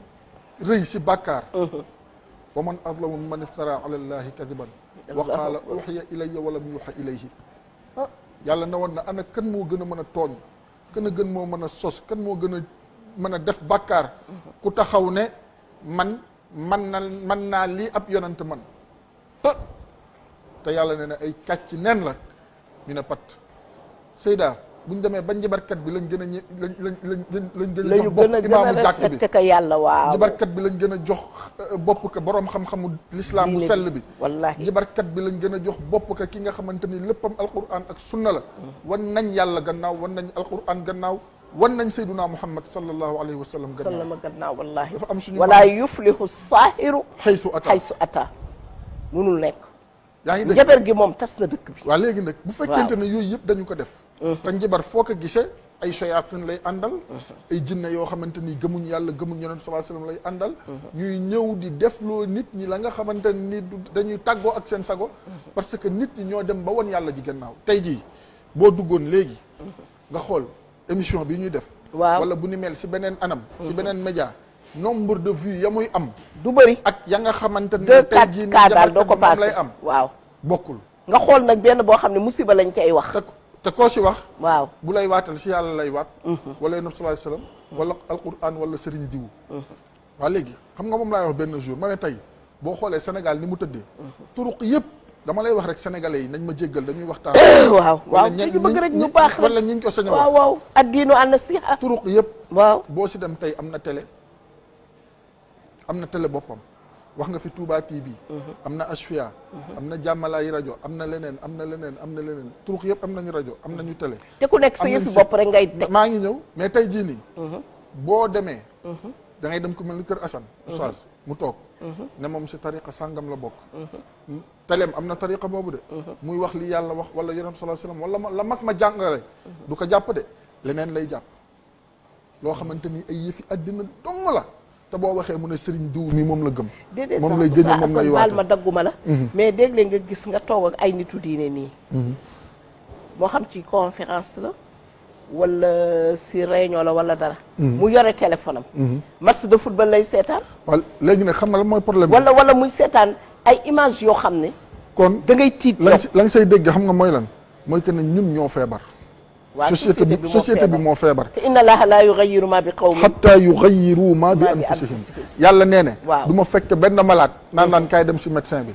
rëy si bàkkaar uh-huh. wa man azlamu mimman iftara ala llahi kadiban wa qaala uxiya ilayya wa lam yuxa ilayhi oh. yàlla ne woon na ana kan moo gën a mën a tooñ kan a gën moo mën a sos kan moo gën a mën a def bàkkaar ku taxaw ne man man na man naa lii ab yonent man oh. te yàlla ne na ay kàcc neen la ñu ne pat Seyda bu ñu demee ba njabarkat bi lañ gën a ñe lañ lañ lañ lañ gën a jox bopp imaamu jàkk bi ka yàlla waaw njabarkat bi lañ gën a jox euh, bopp ka boroom xam-xamu lislaam bu sell bi wallaahi njabarkat bi lañ gën a jox bopp ka ki nga xamante ni léppam alquran ak sunna la mm. wan nañ yàlla gannaaw wan nañ alquran gannaaw wan nañ sayduna muhammad sallallahu alayhi wa sallam gannaaw sallama gannaaw wallaahi dafa am suñu wala yuflihu saahiru xaysu ata xaysu ata munul nekk yaa ngi dégg njaber gi moom tas na dëkk bi. waaw léegi nag bu fekkente ne yooyu yëpp dañu ko def. Mm-hmm. te njabar foo ko gisee ay shayatin lay àndal. Mm-hmm. ay jinne yoo xamante ni gëmuñ yàlla gëmuñ yonent sallallahu alayhi wasallam lay àndal. Mm-hmm. ñuy ñëw di def loo nit ñi la nga xamante ni dañuy tàggoo ak seen sago. parce que nit ñi ñoo dem ba won yàlla ji naaw tey jii boo duggoon léegi. nga xool émission bi ñuy def. waaw wala bu ni mel si beneen anam. si beneen média. nombre de vues ya muy am. du bëri ak ya nga xamante ne. tey jii nii daal doo ko paase lay am waaw. bokkul nga xool nag benn boo xam ne musiba lañ cay wax. te koo si wax. waaw bu lay waatal si yàlla lay waat. Mhm. wala yonent salaay salaam. wala alquran wala sëriñ diw. Mhm. waa léegi xam nga moom laay wax benn jour ma ne tey boo xoolee Sénégal ni mu tëddee. Mhm. turuq yëpp dama lay wax rek sénégalais yi nañ ma jéggal dañuy waxtaan. waaw waaw dañu bëgg rek ñu baax rek wala ñiñ ko sañ a waaw waaw addiinu an si turuq yëpp. waaw boo si dem tey am na télé. am na télé boppam wax nga fi Touba TV. Mhm. am na Asfia. Mhm. am na jàmmalaay rajo am na leneen am na leneen am na leneen turux yëpp am na rajo am nañu télé. te ku nekk sa yëfi bopp rek ngay teg maa ngi ñëw mais tey jii mhm. boo demee. da ngay dem ku mel ni Kër Assane. mu toog. ne moom si tariqa sàngam la bokk. teleem am na tariqa boobu de. muy wax li yàlla wax wala yonent sallallahu alayhi wasallam wala la mag ma jàngale. du ko jàpp de leneen lay jàpp. loo xamante ni ay yëfi àddina dong la. te boo waxee mu ne Serigne Diw mi moom la gëm. déedéet moom lay gën moom lay waat ma dagguma la. Mhm. mais dégle nga gis nga toog ay nitu diine nii. Mhm. moo xam ci conférence la. wala si réunion la wala dara. Mhm. mu yore téléphone am. match de football lay seetaan. waaw léegi nag xam nga la mooy problème walla wala muy seetaan ay image yoo xam ne. kon dangay ngay tiit la nga say dégg xam nga mooy lan mooy que ne ñun ñoo feebar. société bi société bi moo feebar te inna la laa yugayiru ma bi qawmin xatta yugayiru yàlla nee ne waaw du ma fekk benn malaat naan naan kaay dem si médecin bi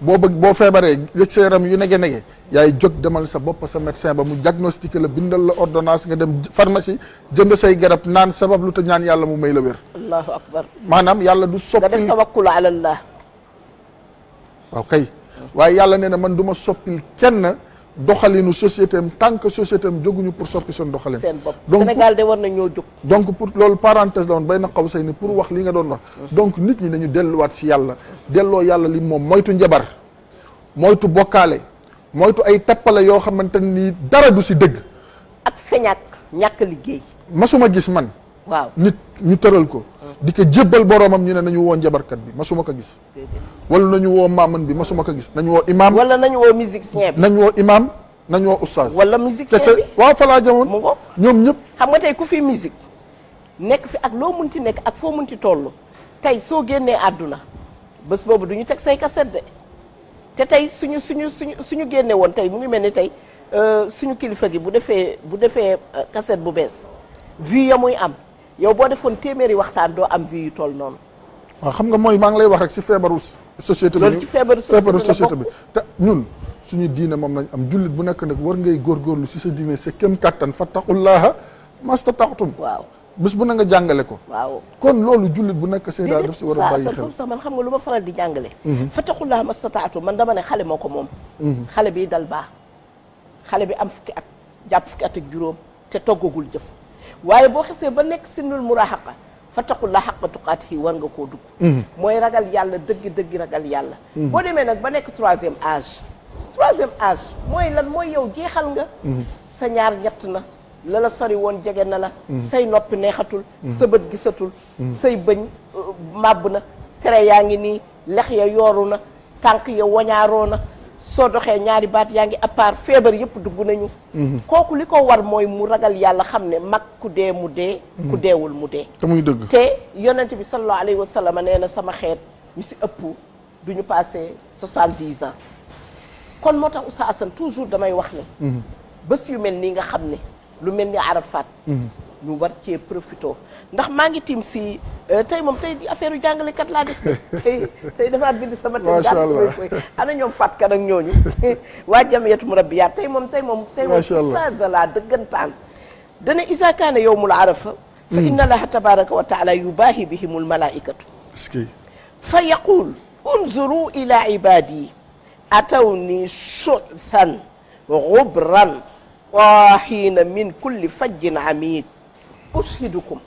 boo bëgg boo feebaree yëg sa yaram yu nege nege yaay jóg demal sa bopp sa médecin ba mu diagnostiqué la bindal la ordonnance nga dem pharmacie jënd say garab naan sabab lu ta ñaan yàlla mu may la wér allahu maanaam yàlla du soppi nga def tawakkul ala la waaw kay waaye yàlla nee man du ma soppil kenn doxalinu société am tant que société am jóguñu pour soppi seen doxalin. seen bopp Sénégal de war na ñoo jóg. donc pour loolu parenthèse la woon bay na xaw say ni pour wax li nga doon wax. donc nit ñi nañu delluwaat si yàlla. delloo yàlla li moom moytu njabar moytu bokkaale moytu ay tappale yoo xamante ni dara du si dëgg. ak feñaak ñàkk liggéey. masuma gis man. waaw nit ñu tëral ko. di ko jébbal boromam ñu ne nañu woo njabarkat bi masuma ko gis wala nañu woo maaman bi masuma ko gis nañu woo imam wala nañu woo musicien bi nañu woo imam nañu woo oustaz wala musicien bi waaw falaa jamoon mu ngo ñoom ñëpp xam nga tey ku fi nekk fi ak loo munti nekk ak foo munti toll tey soo génnee àdduna bés boobu du teg say kaset te tey suñu suñu suñu suñu génne woon tey mu ngi mel ni tey euh, suñu kilifa gi bu defee bu defee kaset euh, bu bees vue ya muy am yow boo defoon téeméeri waxtaan doo am vie yu toll noonu. waaw xam nga mooy maa ngi lay wax rek si feebaru. société bi loolu ci feebaru société bi te ñun. suñu diine moom nañ am jullit bu nekk nag war ngay góorgóorlu si sa diine sa kem kàttan fattaqullaha mastata'tum. waaw bés bu na nga jàngale ko. waaw kon loolu jullit bu nekk seen daal daf si war a bàyyi xel sax man xam nga lu ma faral di jàngale. Mhm. fattaqullaha mastata'tum man dama ne xale moo ko moom. Mhm. xale bi dal baa xale bi am fukki at jàpp fukki at juróom te toggagul jëf. waaye boo xesee ba nekk sinnul muraahaqa fattaqullaa haqqa tuqaatihi war nga koo dug mhm. mooy ragal yàlla dëgg dëgg ragal yàlla mhm. boo demee nag ba nekk troisième âge troisième âge mooy lan mooy yow jeexal nga mhm. sa ñaar ñett na la la woon jege na la say noppi neexatul sa bët gisatul say bëñ euh, màbb na tere yaa ngi nii lex ya yooru na tànk ya wañaaroo na soo doxee ñaari baat yaa ngi à feebar yëpp dugg nañu. Mhm. kooku li ko war mooy mu ragal yàlla xam ne mag ku dee mu dee. Mhm. ku deewul mu dee. te muy dëgg te yonent bi sallallahu alayhi wa sallam nee na sama xeet ñu si ëpp du ñu passé soixante-dix ans. kon moo tax Oustaz Assane toujours damay wax ne. Mhm. bés yu mel nii nga xam ne lu mel ni Arafat. ñu war cee profito ndax maa ngi tiim si euh, tey moom tey affaire yu jàngalekat laa def tey tey damaa bind sama tey daal samay koy ana ñoom fàtkat ak ñooñu waa jamiyatu murabbiyaat tey moom tey moom tey moom ustaaz laa dëggantaan dana isa kaana yawmul arafa fa hmm. inna allaha tabaraka wa taala yubaahi bihimul malaikatu fa yaqul unzuru ila ibadi atawni su'than gubran waahiina min kulli fajjin amid أشهدكم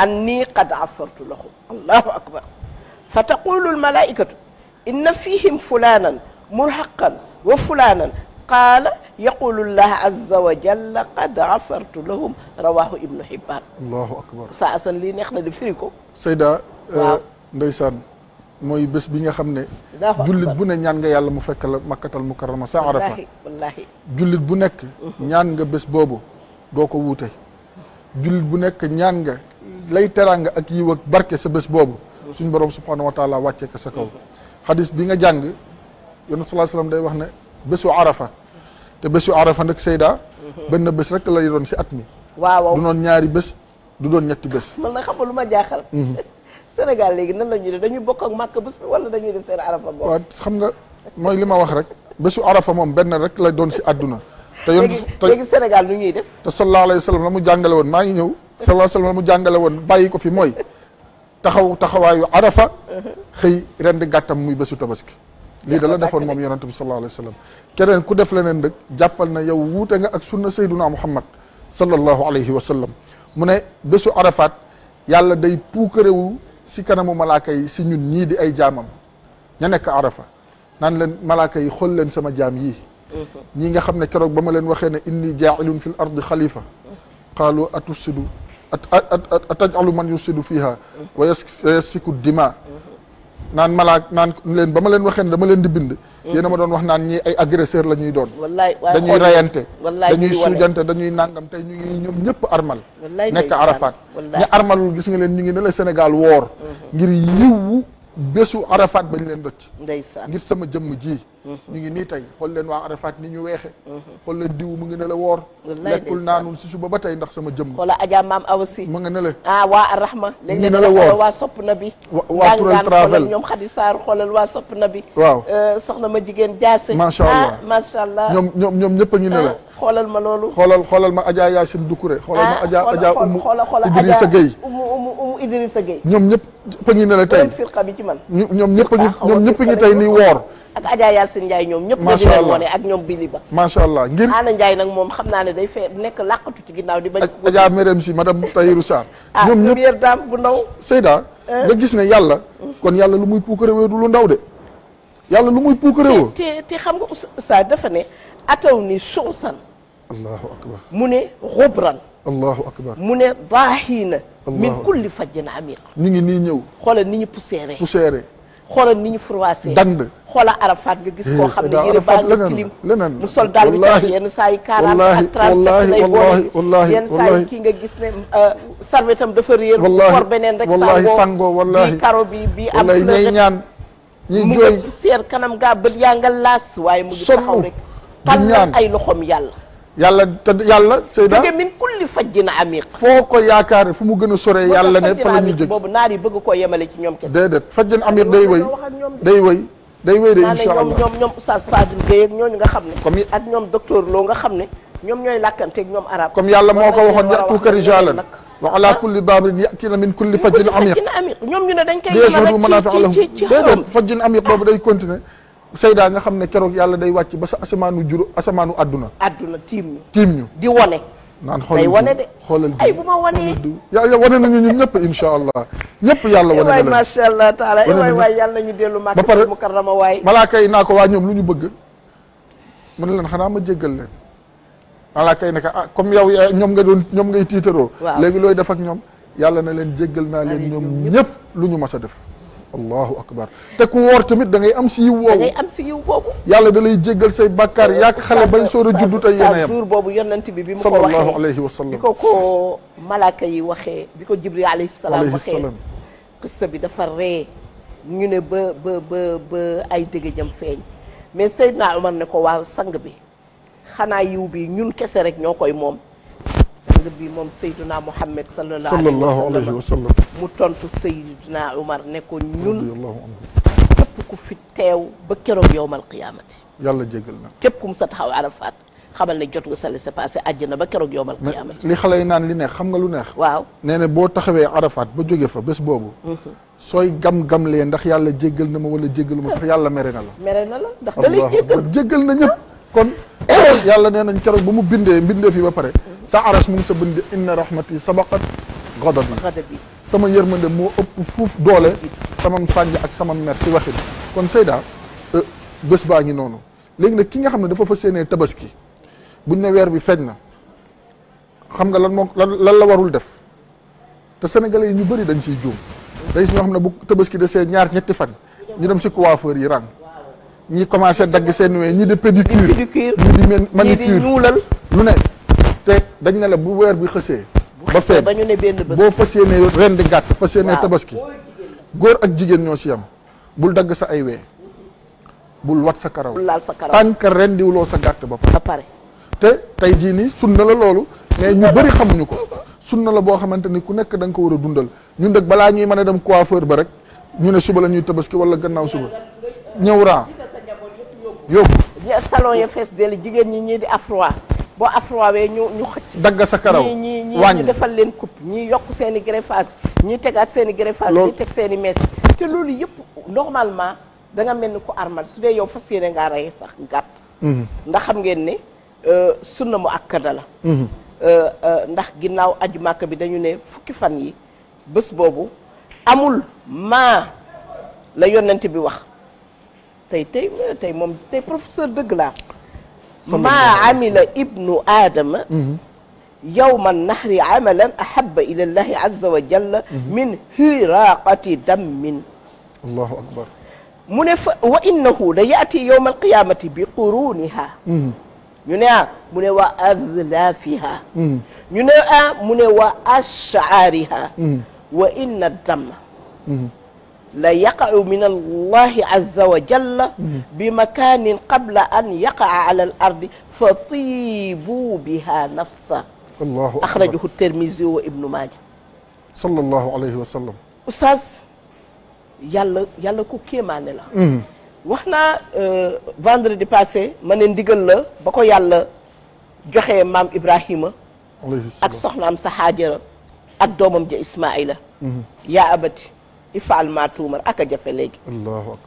أني قد عفرت لهم الله أكبر فتقول الملائكة إن فيهم فلانا مرهقا وفلانا قال يقول الله عز وجل قد عفرت لهم رواه Ibn Hibban. allahu akbar saa asan lii neex na di firi ko. Seyda. waaw euh, ndeysaan mooy bés bi nga xam ne. jullit bu ne ñaan nga yàlla mu fekk la makkatal mukarrama saa arafa. wallaahi wallaahi jullit bu nekk. Mhm. ñaan nga bés boobu doo ko wuute. jullit bu nekk ñaan nga lay teraanga ak yiw ak barke sa bés boobu suñ borom subhanahu wa taala wàcce ka sa kaw xadis bi nga jàng yoonu sallallahu alayhi day wax ne bésu arafa te bésu arafa nag sayda benn bés rek lay doon si at mi waaw du doon ñaari bés du doon ñetti bés ma na xam lu ma jaaxal mhm. Sénégal léegi na la ñuy def dañuy bokk ak Màkka bés bi wala dañuy def seen arafa boobu waaw xam nga mooy li ma wax rek bésu arafa moom benn rek la doon si àdduna te léegi Sénégal nu ñuy def. te sallallahu alayhi wa la mu jàngale woon maa ngi ñëw. sallallahu alayhi la mu jàngale woon bàyyi ko fi mooy taxaw taxawaayu arafa. xëy rendi gàttam muy bésu tabaski. lii da defoon moom yonent bi sallallahu alayhi wa keneen ku def leneen nag jàppal na yow wuute nga ak sunna sayduna muhammad sallallahu alayhi wa sallam mu ne bésu arafaat yàlla day puukarewu si kanamu malaaka yi si ñun ñii di ay jaamam ña nekk arafa naan leen malaaka yi xool leen sama jaam yii ñi nga xam ne keroog ba ma leen waxee ne inni jaailun fi l ardi xalifa qaalu atusidu atajalu man yusidu fiha wa yasfiku dima naan malaak naan leen ba ma leen waxee ne dama leen di bind yéena ma doon wax naan ñii ay agresseur la ñuy doon dañuy rayante dañuy suujante dañuy nangam tey ñu ngi ñoom ñëpp armal nekk arafat ña armalul gis nga leen ñu ngi ne la Sénégal woor mm-hmm. ngir yiwu bésu arafat bañ leen rëcc ngir sama jëmm ji ñu mhm. ngi nii tey xool leen waa Arafat ni ñu weexe mhm. xool leen diw mu ngi ne la woor lekkul naanul si suba ba tey ndax sama jëmm xoola Adja Maam Awa Si mu nga ne la ah waa Arrahma léegi ngi ne la woor waa sopp na bi waa Tural Travel ñoom Khady Sarr xoolal waa sopp na bi waaw euh, soxna ma jigéen jaase macha allah ah, macha allah ñoom ñoom ñoom ñëpp a ngi ne la ah, xoolal ma loolu xoolal xoolal ñoom ñëpp a ngi ne la tey firqa bi ci ñoom ñëpp a ngi ñoom ñëpp a woor ak Adja Yacine Ndiaye ñoom ñëpp nga di leen wone ak ñoom Bili Ba macha allah ngir Ana Ndiaye nag moom xam naa ne day fee nekk làqatu ci ginnaaw di bañ Adja Merem si madame Tahirou Sarr ah, ñoom ñëpp première dame bu ndaw Seyda eh? nga gis ne yàlla kon yàlla lu muy puuk réew du lu ndaw de yàlla lu muy puuk réew te xam nga oustaz dafa ne ataw ni suusan allahu akbar mu ne xubran allahu akbar mu ne daaxiina min kulli fajjin amiq ñu ngi nii ñëw xoolal ni ñu poussière poussière ni ñu froissé dand xoola Arafat nga gis koo eh, xam ne yére baa ngi tilim mu sol daal bi tax yenn saa yi quarante ak trente-sept lay boole saa yi kii nga gis ne euh, serviette am dafa réer for beneen rek sango wallahi bii karo bi bii am ñay ñaan ñi jooy mu seer kanam gaa bët yaa nga laas waaye mu ngi taxaw rek tàllal ay loxoom yàlla yàlla te yàlla Seyda bëgg min kulli fajjin amiq foo ko yaakaar fu mu gën a sore yàlla ne fa la ñu jóg boobu naar yi bëgg koo yemale ci ñoom ke déedéet fajjin amiq day wëy day wëy day wéy de incha allah nga xam ne. comme ak ñoom docteur Lo nga xam ne ñoom ñooy làkkanteeg ñoom arab comme yàlla moo ko waxoon yatuuka rijaalan wa ala ah? kulli daamirin yatina min kulli fajjin amiq ñoom ñu ne dañ koy liyashhadu manaafi'a lahum déedéet fajjin amiq boobu day continuer sayda nga xam ne keroog yàlla day wàcc ba sa asamaanu juru asamaanu adduna adduna tiim ñu tiim ñu di wone naan xoolal day wane de xoolal ay bu ma wanee yàlla wane nañu ñun ñëpp incha allah ñëpp yàlla wane waay macha allah taala waay waay yàlla nañu dellu màkk ba pare ma waay malaaka yi naa ko waa ñoom lu ñu bëgg mun ne leen xanaa ma jéggal leen malaaka kay ne ko ah comme yow eh, ñoom nga doon ñoom ngay tiitaroo léegi looy def ak ñoom yàlla na leen jéggal naa leen ñoom ñëpp lu ñu mas a def allahu akbar te ku woor tamit da am si yiw woowu da am si yiw boobu yàlla da lay jéggal say bàkkaar yaag xale bañ soor a juddu tey yéen boobu yonent bi bi mu ko waxee sallallahu alayhi wa bi ko ko malaaka yi waxee bi ko jibril alayhi salaam waxee qissa bi dafa ree ñu ne ba ba ba ba ay dëgëjam feeñ mais Seydina Omar ne ko waaw sang bi xanaa yiw bi ñun kese rek ñoo koy moom sang bi moom Seydina Mouhamed sallallahu alayhi wa sallam mu tontu Seydina Umar ne ko ñun képp ku fi teew ba keroog yowmal qiyaamati yàlla jégal na képp ku mu sa taxaw Arafat xamal ne jot nga sa laissez-passer àjjana ba keroog yowmal qiyaamati li xale yi naan li neex xam nga lu neex waaw ne boo taxawee Arafat ba jóge fa bés boobu mhm. sooy gam-gam lee ndax yàlla jégal na ma wala jégalu ma sax yàlla mere na la mere la ndax da lay jégal kon yàlla nee nañ ceroog ba mu bindee mbindee fii ba pare sa aras mu ngi sa bind inna rahmati sabaqat ghadabi bi sama yërmande moo ëpp fuuf doole samam sànj ak samam mer si waxin kon Seyda euh, bés baa ngi noonu léegi nag ki nga xam ne dafa fas yéenee tabaski buñ ne weer bi feeñ na xam nga lan moo lan lan la warul def te sénégalais yi ñu bëri dañ siy juum day si ñoo xam ne bu tabaski desee ñaar ñetti fan ñu dem si coiffeur yi ran ñi commencé dagg seen wee ñi di pédicure ñi di manicure ñuulal lu ne te dañ ne la bu weer bi xësee ba feeñ boo fas yéene ren di gàtt fas yéene tabaski góor ak jigéen ñoo ci yam bul dagg sa ay wee bul wat sa karaw tànk ren diwloo sa gàtt ba pare te tey jii nii sunna la loolu mais ñu bari xamuñu ko na la boo xamante ni ku nekk da ko war a dundal ñun dëkk balaa ñuy mën a dem coiffeur ba rek ñu ne suba la ñuy tabaski wala gannaaw suba ñëw raa yóbbu ya salon ya fees dell jigéen ñi ñii di afroi boo afroiwee ñu ñu xëcc dagg sa karaw ñii ñii ñi defal leen coupe ñii yokk seeni i greffage ñii tegaat seen i greffage ñii teg seeni i mees te loolu yëpp normalement danga mel ni ku armal su dee yow fa yéene ngaa rey sax gàtt mhm. ndax xam ngeen ni euh, sunna mu akkada la mhm. euh, euh, ndax ginnaaw aju màkk bi dañu ne fukki fan yi bés boobu amul maa la yonent bi wax tey tey tey moom tey professeur dëgg laa maa amila ibnu aadama mhm. yowman nahri amalan ahaba ila llahi azza wa jalla mhm. min hiraqati dammin allahu akbar mu ne fa wa innahu la yaati yowma alqiyamati bi quruniha mhm. ñu ne ah mu ne wa azlafiha ñu ne ah mu ne wa ashaariha wa inna damma la yaqa'u min allahi azza wa jalla bi makanin qabla an yaqa'a ala al ardi fa tiibu biha nafsa allahu akhrajahu termisi wa ibnu maaja sallallahu alayhi wa sallam oustaz yàlla yàlla ku kéemaane la hmm. wax naa euh, vendredi passé ma ne ndigal la ba ko yàlla joxe maam ibrahima ak soxnaam sa haajara ak doomam ja ismaila hmm. yaa abati ifaal maa tuumar ak a jafe léegi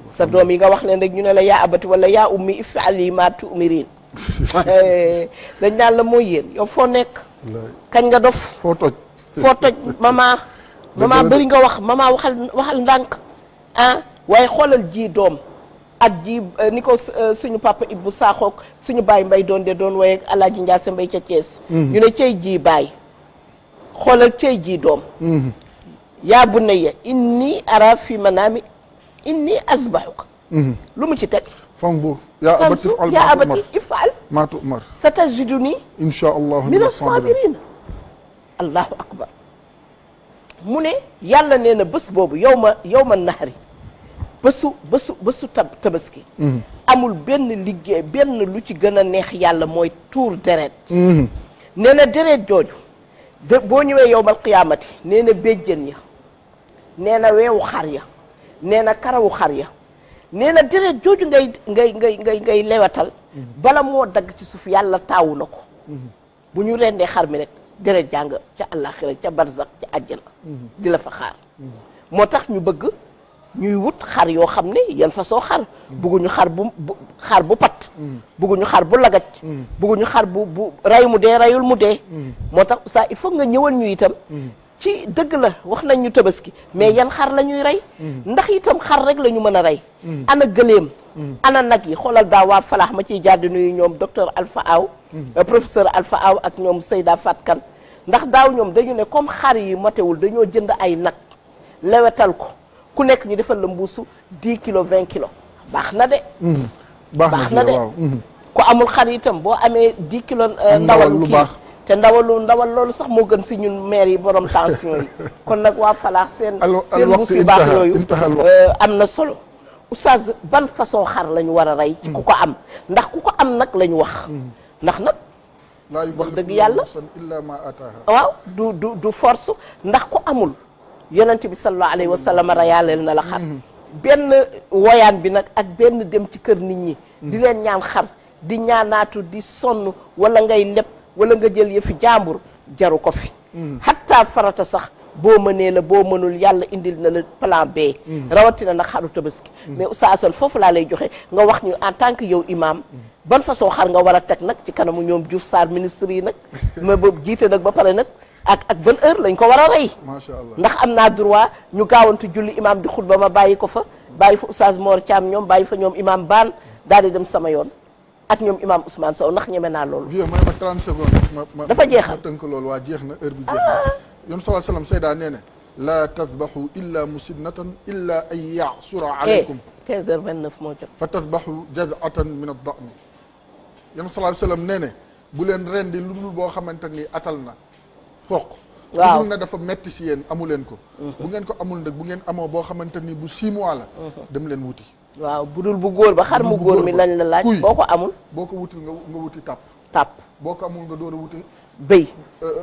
sa doom yi nga wax leen rek ñu ne la yaa abati wala yaa ummi ifaal yi maa tuumiriin eh, dañ naan la mooy yéen yow foo nekk kañ nga dof foo toj foo toj maman maman bëri nga wax maman waxal ndànk ah waaye xoolal ji doom ak ji eh, ni ko eh, suñu papa Ibou Sakho suñu baay mbay doon de doon waaye ak Alaaji Njaase mbay ca cees mm-hmm. ñu ne cey ji baay xoolal cey jii doom mm-hmm. yaa bunayya inni ara fi manaami inni azbahuka mhm. lu mu ci teg fanzur yaa abati ifal yaa abati ifal maa tu'mar satajiduni inchaa allah min as-saabiriin allahu akbar mu ne yàlla nee na bés boobu yow ma yow ma naxari bésu bésu bésu tab tabaski mhm. amul benn liggéey benn lu ci gën a neex yàlla mooy tuur deret mhm. nee na deret jooju de boo ñëwee yow mal qiyaamati nee na béjjën ya nee na weewu xar ya nee na karawu xar ya nee na deret jooju ngay ngay ngay ngay ngay lewatal bala moo dagg ci suuf yàlla taawu na ko bu ñu rendee xar mi rek deret jàng ca àllaaxira ca barzak ca àjjana di la fa xaar moo tax ñu bëgg ñuy wut xar yoo xam ne yan façon xar bëgguñu xar bu xar bu pat bëgguñu xar bu lagaj bëgguñu xar bu bu ray mu dee rayul mu dee moo tax saa il foog nga ñëwal ñu itam ci dëgg la wax nañ ñu tabaski mais yan xar la ñuy rey mm-hmm. ndax itam xar rek la ñu mën a rey mm-hmm. ana gëléem mm-hmm. ana nag yi xoolal daa waa falaax ma ciy jàdd nuyu ñoom docteur Alpha Aw euh, professeur Alpha Aw ak ñoom Seyda Fat Kan ndax daaw ñoom dañu ne comme xar yi matewul dañoo jënd ay nag lewetal ko ku nekk ñu defal la mbuusu 10 kilos vingt kilos baax na de baax na de ku amul xar itam boo amee 10 kilo euh, ndawal lu baax te ndawalu ndawal loolu sax moo gën si ñun maire yi borom tension yi kon nag waa falaax seen seen musi baax yooyu euh, am na solo oustaz ban façon xar lañu war a rey ku ko am ndax ku ko am nag lañu wax ndax nag wax dëgg yàlla illa ma ataaha waaw du force ndax ku amul yonent bi sallallahu alayhi wa sallam rayaaleel na la xar mm-hmm. benn woyaan bi nag ak benn dem ci kër nit ñi di leen ñaan xar di ñaanaatu di sonn wala ngay lépp wala nga jël yëfi jàmbur jaru ko fi xatta mm. farata sax boo mënee la boo mënul yàlla indil na la plan B mm. rawatina nag xaru tabaski mm. mais oustazal foofu laa lay joxe nga wax ñu en tant que yow imam ban façon xar nga war a teg nag ci kanamu ñoom Diouf saar ministre yi nag ma ba jiite nag ba pare nag ak ak ban heure lañ ko war a rey macha allah ndax am naa durwa ñu gaawantu julli imam di ba ma bàyyi ko fa bàyyi fa oustaz Mor Thiam ñoom bàyyi fa ñoom imam Baan daal di dem sama yoon ak ñoom imam Ousmane Sow ndax ñeme naa loolu. vieux mooy ma 30 secondes. dafa jeexal ma tënk loolu waa jeex na heure bi jeex na. Ah. yoon salaa salaam sayda nee na. laa tasbaxu illa musidnatan illa an yaasura alaykum. 15h29 eh, moo jot. fa tasbaxu jazatan min ad-da'ni. yoon salaa salaam nee na bu leen rendi lu dul boo xamante ni atal na foq. waaw dugub na dafa metti si yéen amu leen ko. Mhm. bu ngeen ko amul nag bu ngeen amoo boo xamante ni bu 6 mois la. Mhm. dem leen wuti. waaw bu dul bu góor ba xar mu góor mi lañ la laaj boo ko amul boo ko wutul nga nga wuti tàpp tàpp boo ko amul nga door a wuti bëy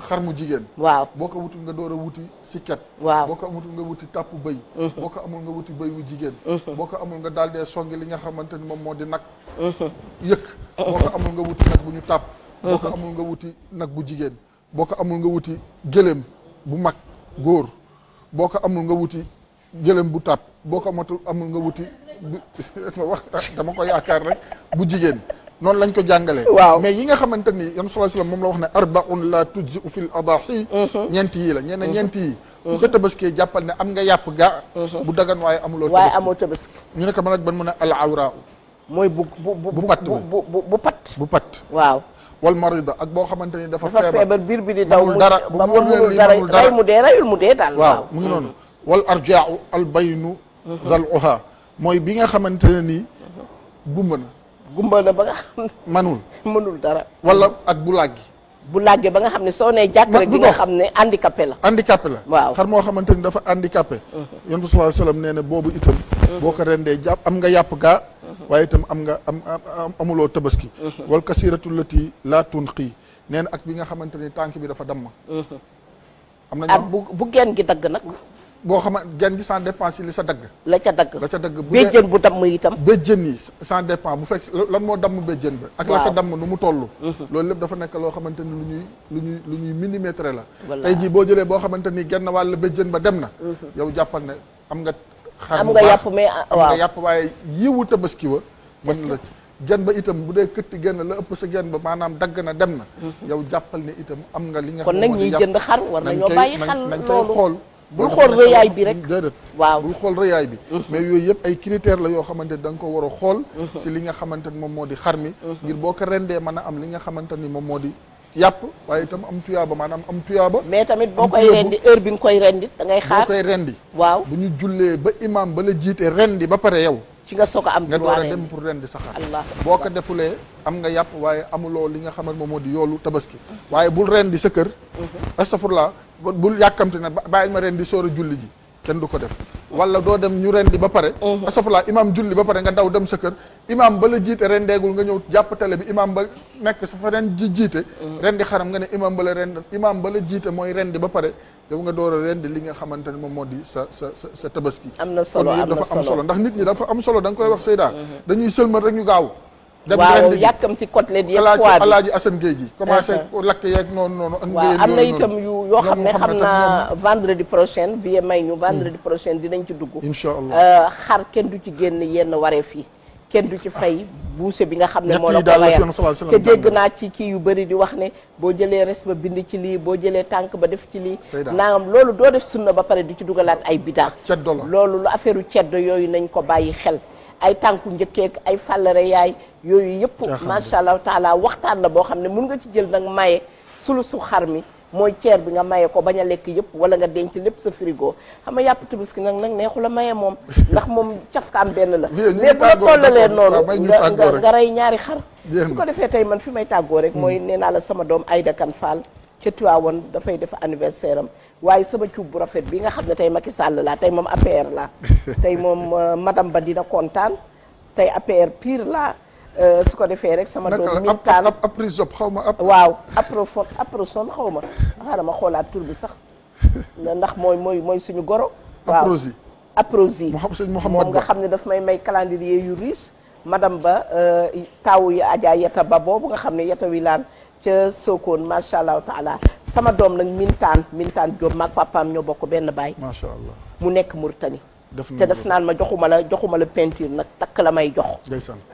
xar mu jigéen waaw boo ko wutul nga door a wuti sikket waaw boo ko amul nga wuti tàpp bëy ko amul nga wuti bëy wu jigéen boo ko amul nga daal songi li nga xamante ni moom moo di nag yëkk boo ko amul nga wuti nag bu ñu tàpp boo ko amul nga wuti nag bu jigéen boo ko amul nga wuti gëléem bu mag góor boo ko amul nga wuti gëléem bu tàpp boo ko amatul amul nga wuti ma wax ah, dama ko yaakaar rek bu jigéen noonu lañ ko jàngalee waaw mais yi nga xamante ni yan sallallahu alayhi moom la wax ne arbaun la tujzi u fil adahi mhm. ñeent yi la ñenn mhm. ñeent yi bu mhm. ko jàppal ne am nga yàpp ga bu dagan waaye amuloo waaye amoo tabaski ñu ne ko man ak ban mu ne al awra mooy bu bu bu pat bu bu pat bu pat waaw wal marida ak boo xamante ni dafa feebar biir bi di daw dara bu mënul dara rey mu dee reyul mu dee daal waaw mu ngi noonu wal arjaau al baynu zal'uha mooy bi nga xamante ne nii gumba na gumba na ba nga xam ne manul mënul dara wala ak bu làggi bu làggee ba nga xam ne soo nee jàkk rek di nga xam ne handicapé la handicapé la waaw xar moo xamante ni dafa handicapé mhm. yonent bi sallallahu alayhi wasallam nee na boobu itam mhm. boo ko jàpp am nga yàpp gaa mhm. waaye itam am nga am amuloo tabaski wal kasiratu lati la nee na ak bi nga xamante ni tànk bi dafa damm am ak bu bu geen gi dagg nag boo xama jën gi sans dépense li sa dagg la ca dagg la ca dagg béjjën bu damm itam béjjën yi sans dépense bu fekk lan moo damm béjjën ba ak la sa damm nu mu toll mhm. loolu lépp dafa nekk loo xamante ni lu ñuy lu ñuy lu ñuy millimétré la tey jii boo jëlee boo xamante ni genn wàll béjjën ba dem na mhm. yow jàppal ne am nga xar am nga yàpp mais ah, waaw waaye yiwu tabaski wa mën jën ba itam bu dee këtti genn la ëpp sa genn ba maanaam dagg na dem na mhm. yow jàppal ne itam am nga li nga kon nag ñiy jënd xar war nañoo bàyyi xel loolu nañ koy xool bul xool rëyaay bi rek waaw bul xool rëyaay bi mais yooyu yëpp ay critères la yoo xamante da nga ko war a xool si li nga xamante ni moom moo di xar mi ngir boo ko rendee mën a am li nga xamante ni moom moo di yàpp waaye itam am tuyaaba maanaam am tuyaaba mais tamit boo koy rendi heure bi nga koy rendi da ngay xaar boo koy rendi waaw ñu jullee ba imam ba la jiite rendi ba pare yow ci nga soog a am nga door pour rendi sa xar boo ko defulee am nga yàpp waaye amuloo li nga xamante moom moo di yoolu tabaski waaye bul rendi sa kër astafurlaa bul yàkkamte ne bàyyi ma ren di soor a julli ji kenn du ko def wala doo dem ñu rendi ba pare mhm. asafulaa imam julli ba pare nga daw dem sa kër imam ba la jiite rendeegul nga ñëw jàpp tele bi imam ba nekk sa fa ren ji jiite mhm. rendi xaram nga ne imam ba la rend imam ba la jiite mooy rendi ba pare yow nga door a rendi li nga xamante ne moom moo di sa sa sa sa tabaski am na solo am na solo kon dafa am solo ndax nit ñi dafa am solo da nga koy wax Seyda mhm. dañuy sëlmal rek ñu gaaw waaw yàkkamti côtelette yeeg foie bi alaaji Assane Gueye ji commencé uh-huh. lakk yeeg noonu noonu waaw am na itam yu yoo xam ne xam naa vendredi prochain bi may ñu vendredi hmm. prochain dinañ ci dugg incha uh, xar kenn du ci génn yenn wareef fii kenn du ci fay buuse bi nga xam ne moo la ko layal te dégg naa ci kii yu bëri di wax ne boo jëlee res ba bind ci lii boo jëlee tànk ba def ci lii naam loolu doo def na ba pare di ci dugalaat ay bidaa loolu lu affaire u ceddo yooyu nañ ko bàyyi xel ay tànku njëkkeek ay fàllare yaay yooyu yëpp macha allah taala waxtaan la boo xam ne mun nga ci jël nag maye sulusu xar mi mooy ceer bi nga maye ko bañ a lekk yëpp wala nga denc lépp sa frigo xam nga yàpp tabaski nag nag neexu la maye moom ndax moom cafkaam benn la mais bu la tollalee noonu nga nga rey ñaari xar su ko defee tey man fi may tàggoo rek mooy hmm. nee naa la sama doom Aïda Kane Fall ca Tiwaawoon dafay def anniversaire am waaye sama cuub bu rafet bii nga xam ne tey Macky Sall laa tey moom APR laa tey moom euh, madame ba dina kontaan tey APR pire laa Euh, su ko defee rek sama doom mi taan aprisop xaw ma waaw aprofon aproson xaw ma xaaral ma xoolaat tur bi sax ndax mooy mooy mooy suñu goro waaw aprosi aprosi moom nga xam ne daf may may calendrier yu riis madame ba euh, taawu yi Adja yeta ba boobu nga xam ne yeta wi laan ca Sokone allah sama doom nag mintaan mintaan Diop maag papaam ñoo bokk benn baay macha allah mu nekk Murtani te daf naan ma joxuma la joxuma la peinture nag takk la may jox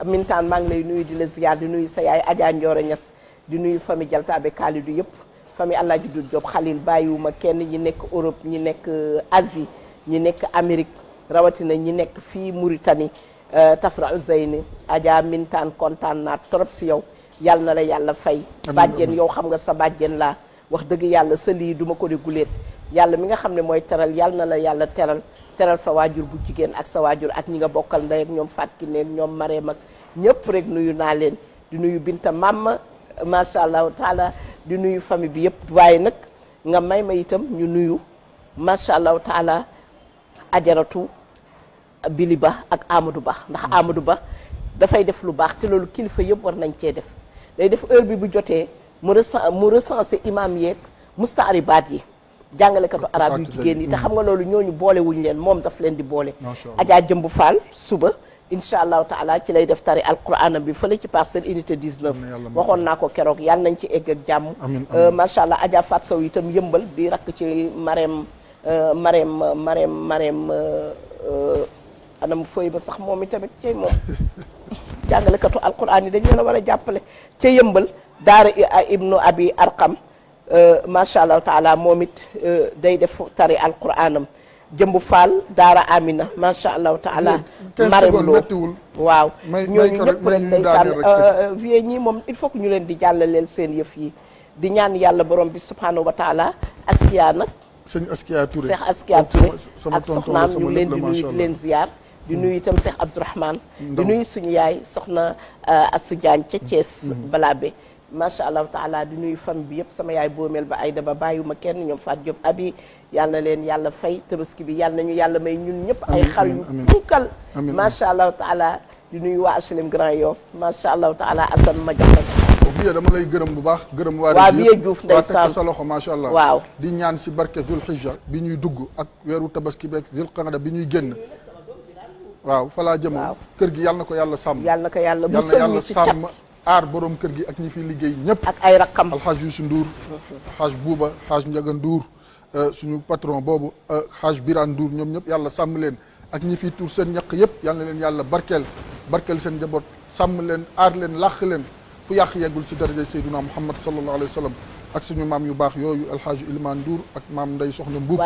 mintaan maa ngi lay nuyu di la ziar di nuyu sa yaay Adja Ndioro ñas di nuyu famille Jaltaabe Kalidou yëpp famille Alaaji Dut Diop Xalil ma kenn ñi nekk Europe ñi nekk euh, Asie ñi nekk Amérique rawatina ñi nekk fii Mauritanie euh, Tafra Ousseyni Adja mintaan kontaan naa trop si yow yàlla na la yàlla fay bàjjen yow xam nga sa bàjjen laa wax dëgg yàlla sa lii duma ko di guleet yàlla mi nga xam ne mooy teral yàlla na la yàlla teral teral sa waajur bu jigéen ak sa waajur ak ñi nga bokkal ndey ak ñoom ki neeg ñoom mareem ak ñëpp rek nuyu naa leen di nuyu Binta Mama macha allah taala di nuyu famille bi yëpp waaye nag nga may ma itam ñu nuyu macha allah taala ajaratu Bili Ba ak Amadou Ba ndax amadu Ba dafay def lu baax te loolu kilifa yëpp war nañ cee def day def heure bi bu jotee mu recen mu recensé imam yeeg mustaaribaat yi. jàngalekatu arab yu jigéen yi te xam nga loolu ñooñu boole wuñ leen moom daf leen di boole Adja Jëmb Fall suba incha allahu taala ci lay def tari alquran bi fële ci parcelle unité 19 waxoon naa ko keroog yal nañ ci egg ak jàmm euh, macha allah Adja Fat Sow itam yëmbal di rakk ci mareem euh, mareem mareem mareem euh, anam fooy ba sax moom i tamit cey moom jàngalekatu alquran yi dañ leen a war a jàppale ca yëmbal daara ibnu abi arqam Euh, macha allah taala moom it euh, day def tari alquranam jëmbu faal daara amina macha allah taala marimloo waaw ñooñu ñëpp rek ndeysaan euh, vie ñii moom il faut ñu leen di leen seen yëf yi di ñaan yàlla borom bi subhanahu wa taala askiya nag sëñ askiya Touré Cheikh askiya ak soxnaam ñu leen di nuyu di leen ziar di hmm. nuyu itam Cheikh Abdourahmane di nuyu suñu yaay soxna Assou Diagne ca Thiès hmm. hmm. balaabe macha allah taala di nuyu fam bi yëpp sama yaay boomeel ba ayda ba bàyyiwuma kenn ñoom Fatou Diop abi yàlla na leen yàlla fay tabaski bi yàlla nañu yàlla may ñun ñëpp ay xar yu tunkal macha allah taala di nuyu waa HLM Grand Yoff macha allah taala Assane ma jaxat Vieux dama lay gërëm bu baax gërëm waa waaw Vieux Diouf ndeysaan waa teg sa loxo macha allah waaw di ñaan si barke Zul Hijja bi ñuy dugg ak weeru tabaski beeg Zul Qada bi ñuy génn waaw falaa jëm kër gi yàlla na ko yàlla sàmm yàlla na ko yàlla musal ñu si cat aar borom kër gi ak ñi fi liggéey ñëpp. ak ay rakkam alxaaj Youssou Ndour. xaaj Buuba xaaj Njaga Ndour euh, suñu patron boobu xaaj euh, Birane Ndour ñoom ñëpp yàlla sàmm leen ak ñi fi tuur seen ñaq yëpp yal na leen yàlla barkeel barkeel seen njaboot sàmm leen aar leen làq leen fu yàq yeggul si daraja Seydina Muhammad sallallahu alayhi wa sallam ak suñu maam yu baax yooyu alxaaj Ilman Ndour ak maam Ndey Soxna Mbuub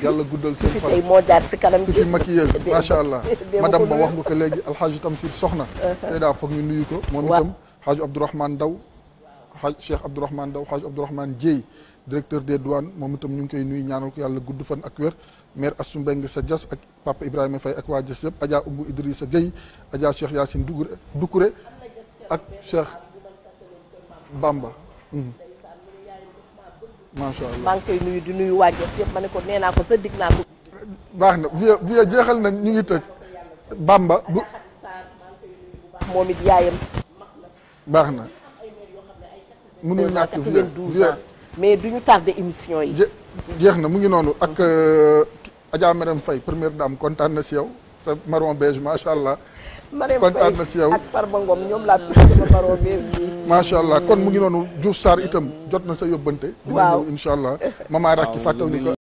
yàlla guddal seen fan moo jaar si kanam fi fi maquilleuse macha allah madame ba wax nga ko léegi alxaaj Tamsir Soxna Seyda foog ñu nuyu ko xaaj Abdourahmane Ndaw xaaj Cheikh Abdourahmane Ndaw xaaj Abdourahmane Dieye directeur des douanes moom itam ñu ngi koy nuyu ñaanal ko yàlla gudd fan ak wér maire Assou Mbengue sa Dias ak papa Ibrahima Faye ak waa Dias yëpp Adja Oumou Idrissa Gueye Adja Cheikh Yacine Dougouré Doukouré ak Cheikh Bamba mhm. macha allah maa ngi koy nuyu di nuyu waa Dias yëpp ma ne ko nee ko sa dig naa ko baax na vie jeexal nañ ñu ngi tëj Bamba moom it yaayam baax na mënul ñàkk leen douze ans mais duñu tardé émission yi jeex na mu ngi noonu ak euh, Adja Marème fay première dame kontaan na si yow sa marron beige macha allah kontaan na si yow ak allah kon mu ngi noonu Diouf Sarr itam jot na sa yóbbante dina ñëw incha allah mama rakki fàttaw ni ko